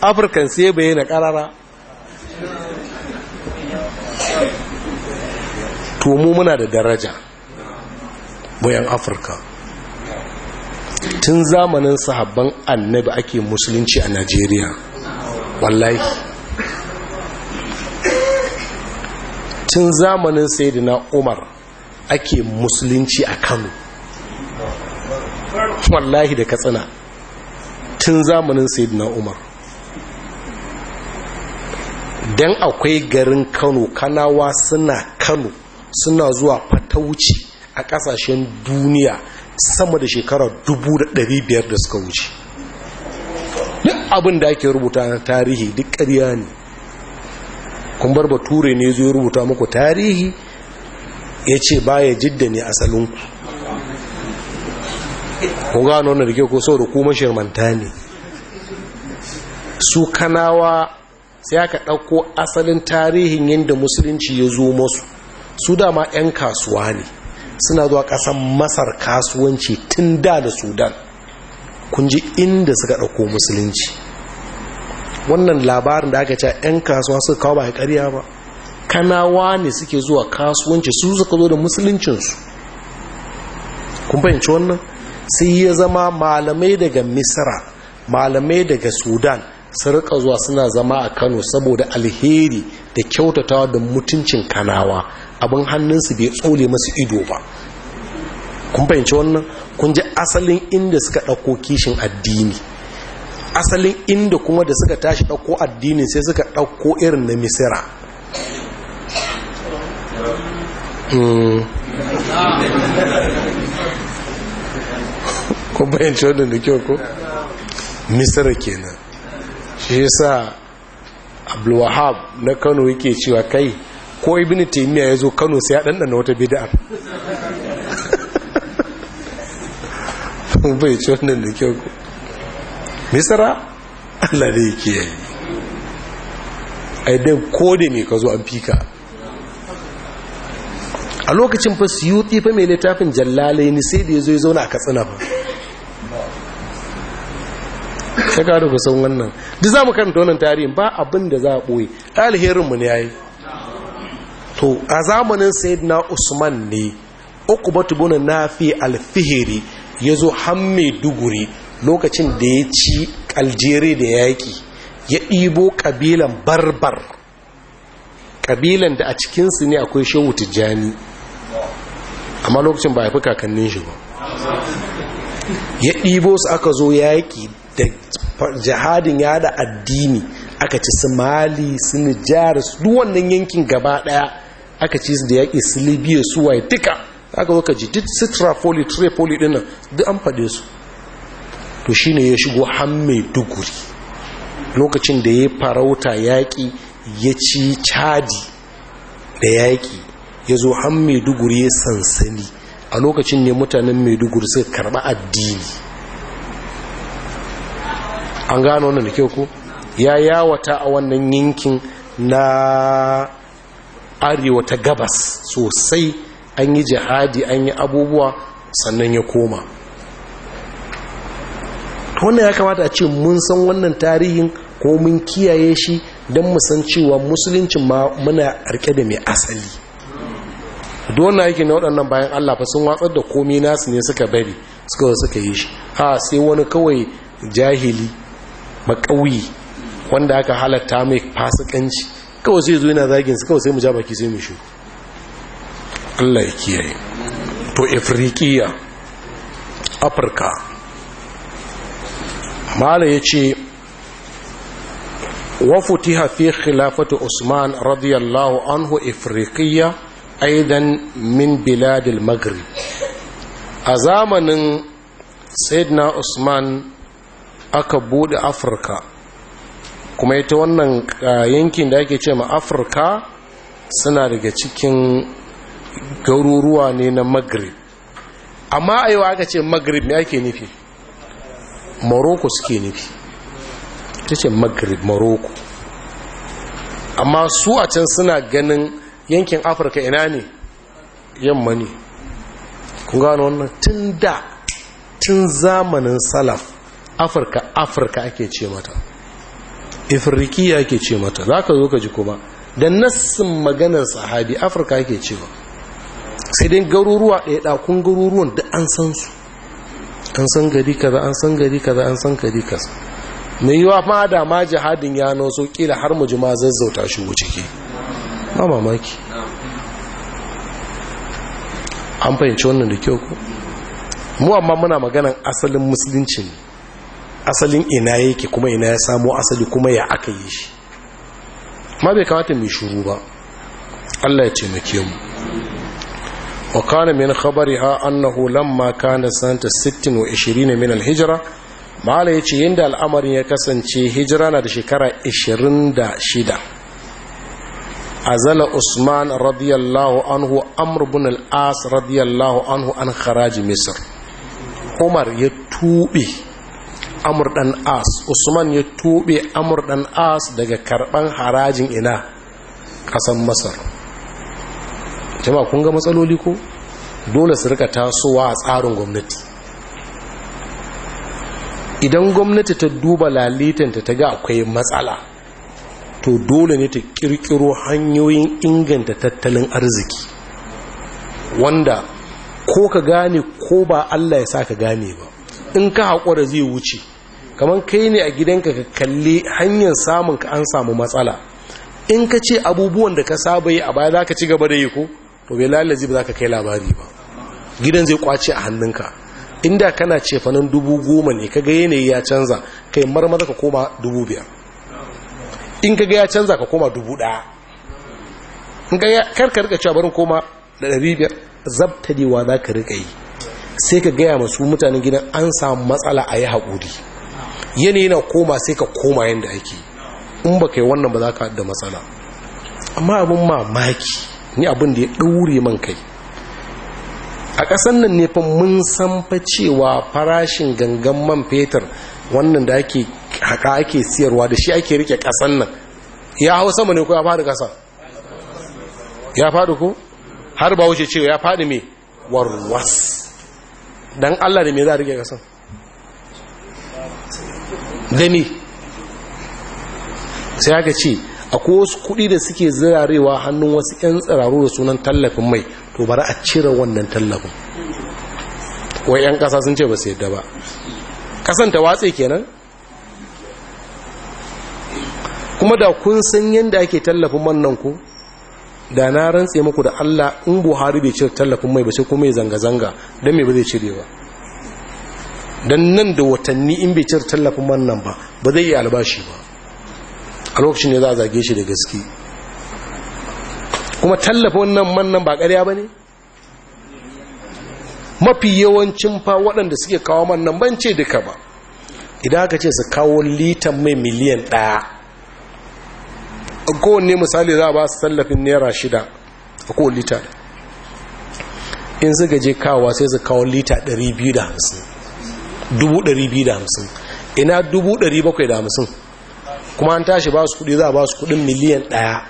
Speaker 1: afirkan sai bayyana ƙarara Tomo muna da daraja bayan afirka tun zamanin sahabban annabi ake musulunci a najeriya wallahi tun zamanin sayidina umar ake musulunci a kano wallahi da katsina tun zamanin na umar don akwai garin kano kanawa suna kano suna zuwa fatauci a kasashen duniya sama da shekara 1500 da suka wuce duk abin da ake rubuta na tarihi duk ƙarya ne kun bar bature ne zai rubuta muku tarihi ya ce ba ya jidda ne asalinku ku gano wani rike ko sau da kuma shirmanta ne su kanawa sai aka ɗauko asalin tarihin yadda musulunci ya zo masu su dama 'yan kasuwa ne suna zuwa ƙasan masar kasuwanci tun da da sudan kun ji inda suka ɗauko musulunci wannan labarin da aka ca 'yan kasuwa suka kawo ba ya ƙarya ba kanawa ne suke zuwa kasuwanci su suka zo da musuluncinsu kun fahimci wannan sai ya zama malamai daga Misira, malamai daga sudan su rika zuwa suna zama a kano saboda alheri da kyautatawa da mutuncin kanawa abin hannunsu bai tsole masu ido ba kun fahimci wannan kun ji asalin inda suka ɗauko kishin addini asalin inda kuma da suka tashi ɗauko addini sai suka ɗauko irin na misira ko bayanci wadda da kyau ko misira kenan shi yasa abdulwahab na kano yake cewa kai ko ibn taymiya ya zo kano sai ya ɗanɗana wata bid'ar bai ci wannan da kyau ko misira allah ne yake yayi ai dai ko da me ka zo an fika a lokacin fa suyuti fa mai littafin jallalai ni sai da ya zo ya zauna a katsina ba ka da wannan duk za mu karanta wannan tarihin ba abin da za a ɓoye alherinmu ne ya yi to a zamanin na usman ne uku ba tubuna buna fi alfihiri ya zo hamme duguri lokacin da ya ci Aljere da yaƙi ya ɗibo ƙabilan barbar kabilan da a cikinsu ne akwai shehu tijjani amma lokacin ba a fi kakannin shi ba ya ɗibo su aka zo yaƙi da jihadin ya da addini aka ci su mali su nijar su duwannan yankin gaba ɗaya aka ci su da yaƙi su libya su waye duka aka zo ka ji duk su trafoli trafoli ɗin duk an faɗe su to shi ne ya shigo mai duguri lokacin da ya farauta yaƙi ya ci cadi da yaƙi ya zo han maiduguri ya sansani a lokacin ne mutanen maiduguri suka karɓa addini an gano wannan da kyau ku ya yawata a wannan yankin na arewa ta gabas sosai an yi jihadi an yi abubuwa sannan ya koma wannan ya kamata a ce mun san wannan tarihin ko mun kiyaye shi don musan cewa musuluncin ma muna arke da mai asali don na yake na waɗannan bayan Allah fa sun watsar da komi nasu ne suka bari suka suka yi shi ha sai wani kawai jahili makauyi wanda aka halatta mai fasikanci kawai sai zo yana zagin su kawai sai mu ja baki sai mu shi Allah ya kiyaye to afrikiya Afirka mala ce. wa futiha fi khilafatu Usman radiyallahu anhu afrikiya aidan min biladil maghrib a zamanin sayyidina usman aka bude afirka kuma ita wannan eh, yankin da ake ce ma afirka suna daga cikin garuruwa ne na maghrib amma aiwa aka ce maghrib ne ake nufi morocco suke nufi ta ce maghrib morocco amma su a can suna ganin yankin afirka ina ne yamma ne kun gano wannan tun da tun zamanin salaf afirka afirka ake ce mata ifirikiya ake ce mata za ka zo ka ji kuma da nassin maganar sahabi afirka ake ce ba sai dai garuruwa ɗaya ɗakun garuruwan da an san su an san gari kaza an san gari kaza an san gari kaza mai yiwa ma da ma jihadin ya so kila har mu ji ma zazzauta shi wuce ke ba mamaki an fahimci wannan da kyau ko mu amma muna maganan asalin musulunci ne asalin ina yake kuma ina ya samo asali kuma ya aka yi shi ma bai kamata mai shuru ba Allah ya taimake mu wa kana min ha annahu lamma kana santa 26 min al-hijra mala yace yanda al'amarin ya kasance hijira na da shekara 26 azala usman radiyallahu anhu amr bin as radiyallahu anhu an kharaji misr umar ya tube amr as usman ya tube amr dan as daga karban harajin ina kasan masar jama'a kun ga matsaloli ko dole su rika tasowa a tsarin gwamnati idan gwamnati ta duba lalitanta ta ga akwai matsala to dole ne ta kirkiro hanyoyin inganta tattalin arziki wanda ko ka gane ko ba Allah ya sa ka gane ba in ka haƙura zai wuce kamar kai ne a gidanka ka kalli hanyar samun ka an samu matsala in ka ce abubuwan da ka saba yi a baya za ka ci gaba da yi ko to bai zai ba za ka kai labari ba gidan zai kwace a hannunka inda kana cefanen dubu goma ne ka ga yanayi ya canza kai marmar ka koma dubu biyar in ka ya canza ka koma dubu ɗaya in ya karka rika cewa barin koma da ɗari biyar zabtadewa za ka rika yi sai ka gaya masu mutanen gidan an samu matsala a yi haƙuri yanayi na koma sai ka koma yadda ake in ba yi wannan ba za ka da matsala amma abin mamaki ni abin da ya ɗaure man kai a ƙasan nan ne fa mun san fa cewa farashin gangan man fetur wannan da ake haka ake siyarwa da shi ake rike kasan nan ya hau sama ne ko ya faɗi kasa ya faɗi ko har ba wuce cewa ya faɗi mai warwas don allah da mai za a rike kasan gani sai aka ce ko wasu kuɗi da suke zirarewa hannun wasu 'yan tsiraru da sunan tallafin mai to bari a cire wannan tallafin wai 'yan ƙasa sun ce ba su yadda ba ƙasan ta watse kenan kuma da kun san yadda ake tallafin man ku da na rantse muku da Allah in Buhari bai cire tallafin mai ba sai kuma ya zanga-zanga don mai ba zai cire ba don nan da watanni in bai cire tallafin man ba ba zai yi albashi ba a lokacin ne za a zage shi da gaske kuma tallafin wannan man ba karya ba ne mafi yawancin fa waɗanda suke kawo man nan ban ce duka ba idan aka ce su kawo litan mai miliyan ɗaya a kowanne misali za a ba su tallafin naira shida a kowane lita in suka je kawa sai su kawo lita 250,000 ina 750,000 kuma an tashi ba su kudi za a ba su kudin miliyan daya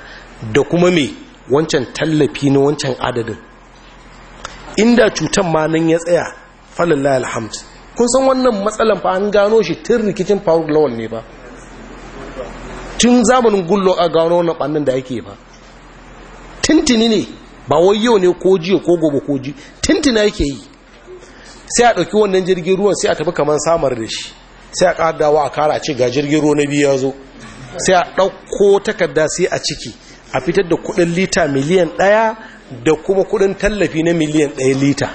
Speaker 1: da kuma mai wancan tallafi na wancan adadin inda cutan ma nan ya tsaya falallah alhamdu kun san wannan matsalan fa an gano shi tun rikicin faruk law ne ba tun zamanin gullo a gano wannan bannin da yake ba tintini ne ba wai yau ne ko jiya ko gobe ko ji tintina yake yi sai a ɗauki wannan jirgin ruwan sai a tafi kamar samar da shi sai a ƙadawa a kara ce ga jirgin ruwa na biyu ya zo sai a ɗauko takarda sai a ciki a fitar da kuɗin lita miliyan ɗaya da kuma kuɗin tallafi na miliyan ɗaya lita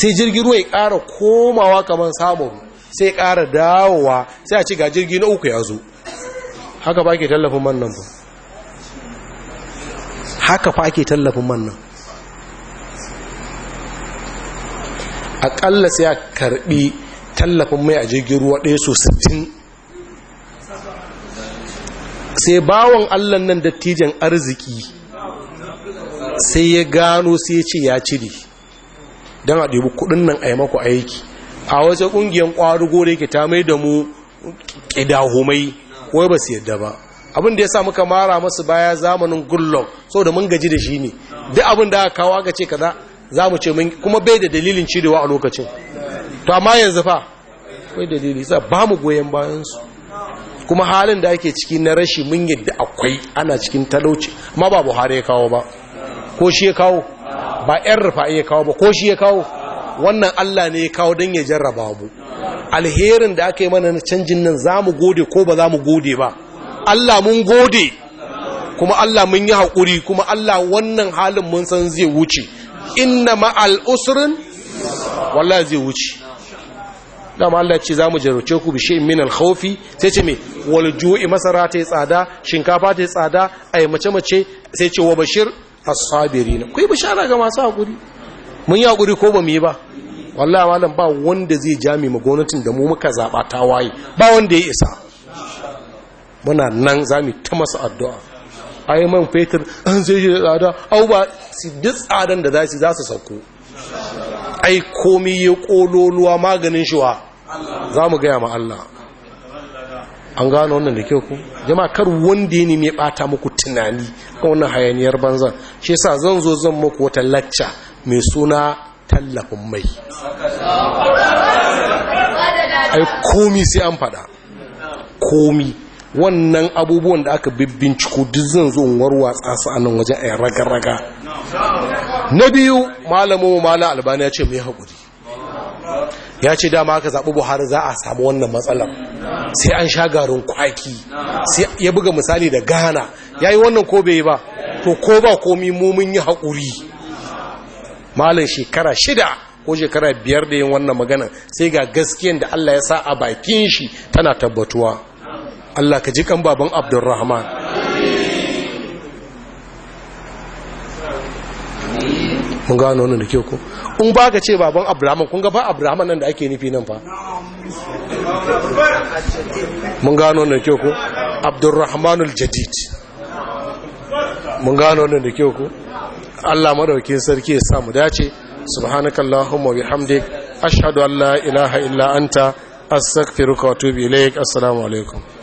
Speaker 1: sai jirgin ruwa ya ƙara komawa kamar samar sai ƙara dawowa sai a ce ga jirgi na uku ya zo haka ba ke tallafin man ba haka fa ake tallafin mannan sai a karɓi tallafin mai a jirgin ruwa ɗaya so 60 sai bawon allan nan dattijan arziki sai ya gano sai ya ce ya cire don a ɗebi kudin nan a yi maku aiki a wajen ƙungiyar ƙwarugo da yake ta mai da mu ƙidahumai wai ba su yadda ba abin da ya sa muka mara masu baya zamanin gullon so da mun gaji da shi ne duk abin da aka kawo aka ce kaza za mu ce kuma bai da dalilin cirewa a lokacin to amma yanzu fa bai dalili sa ba mu goyon bayansu kuma halin da ake ciki na rashi mun yadda akwai ana cikin talauci ma ba buhari ya kawo ba ko shi ya kawo ba yan rufa ya kawo ba ko shi ya kawo wannan Allah ne ya kawo don ya jarraba mu alherin da aka yi mana na canjin nan za mu gode ko ba za mu gode ba Allah mun gode kuma Allah mun yi haƙuri kuma Allah wannan halin mun san zai wuce inna ma'al usrin wallahi zai wuce dama Allah ce za mu jarrace ku bishe min alkhawfi sai ce me wal ju'i masara ta tsada shinkafa ta tsada ai mace mace sai ce wa bashir as-sabirin kai bishara ga masu haƙuri mun yi haƙuri ko ba mu yi ba wallah malam ba wanda zai jami ma gwamnatin da mu muka zaɓa ta waye ba wanda ya isa muna nan za mu ta masu addu'a ai man fetur an zai shi da tsada au ba su duk tsadan da za su za su sauko ai komi ya kololuwa maganin shiwa za mu gaya ma Allah an gano wannan da kyau ku jama kar wanda ya nemi bata muku tunani kan wannan hayaniyar banza. shi yasa zan zo zan muku wata lacca mai suna tallafin mai ai komi sai an fada komi wannan abubuwan da aka binciko duk zan zo warwatsa su nan wajen a raga-raga na biyu malamu mala albani ya ce mai haƙuri ya ce dama aka zaɓi buhari za a samu wannan matsalar sai an sha garin kwaki sai ya buga misali da ghana ya yi wannan ko bai ba to ko ba komi mumin yi haƙuri malin shekara shida ko shekara biyar da yin wannan magana sai ga gaskiyan da Allah ya sa a bakin shi tana tabbatuwa Allah ka ji kan baban Abdurrahman mun gano wannan da ke ku in ba ka ce baban Abdurrahman kun ga ba Abdulrahman nan da ake nufi nan fa mun gano wannan da ke ku Abdurrahmanul Jadid mun gano wannan da ke ku Allah madaukin sarki ya sa mu dace subhanakallahumma bihamdik ashhadu an la ilaha illa anta astaghfiruka wa atubu ilaik assalamu alaikum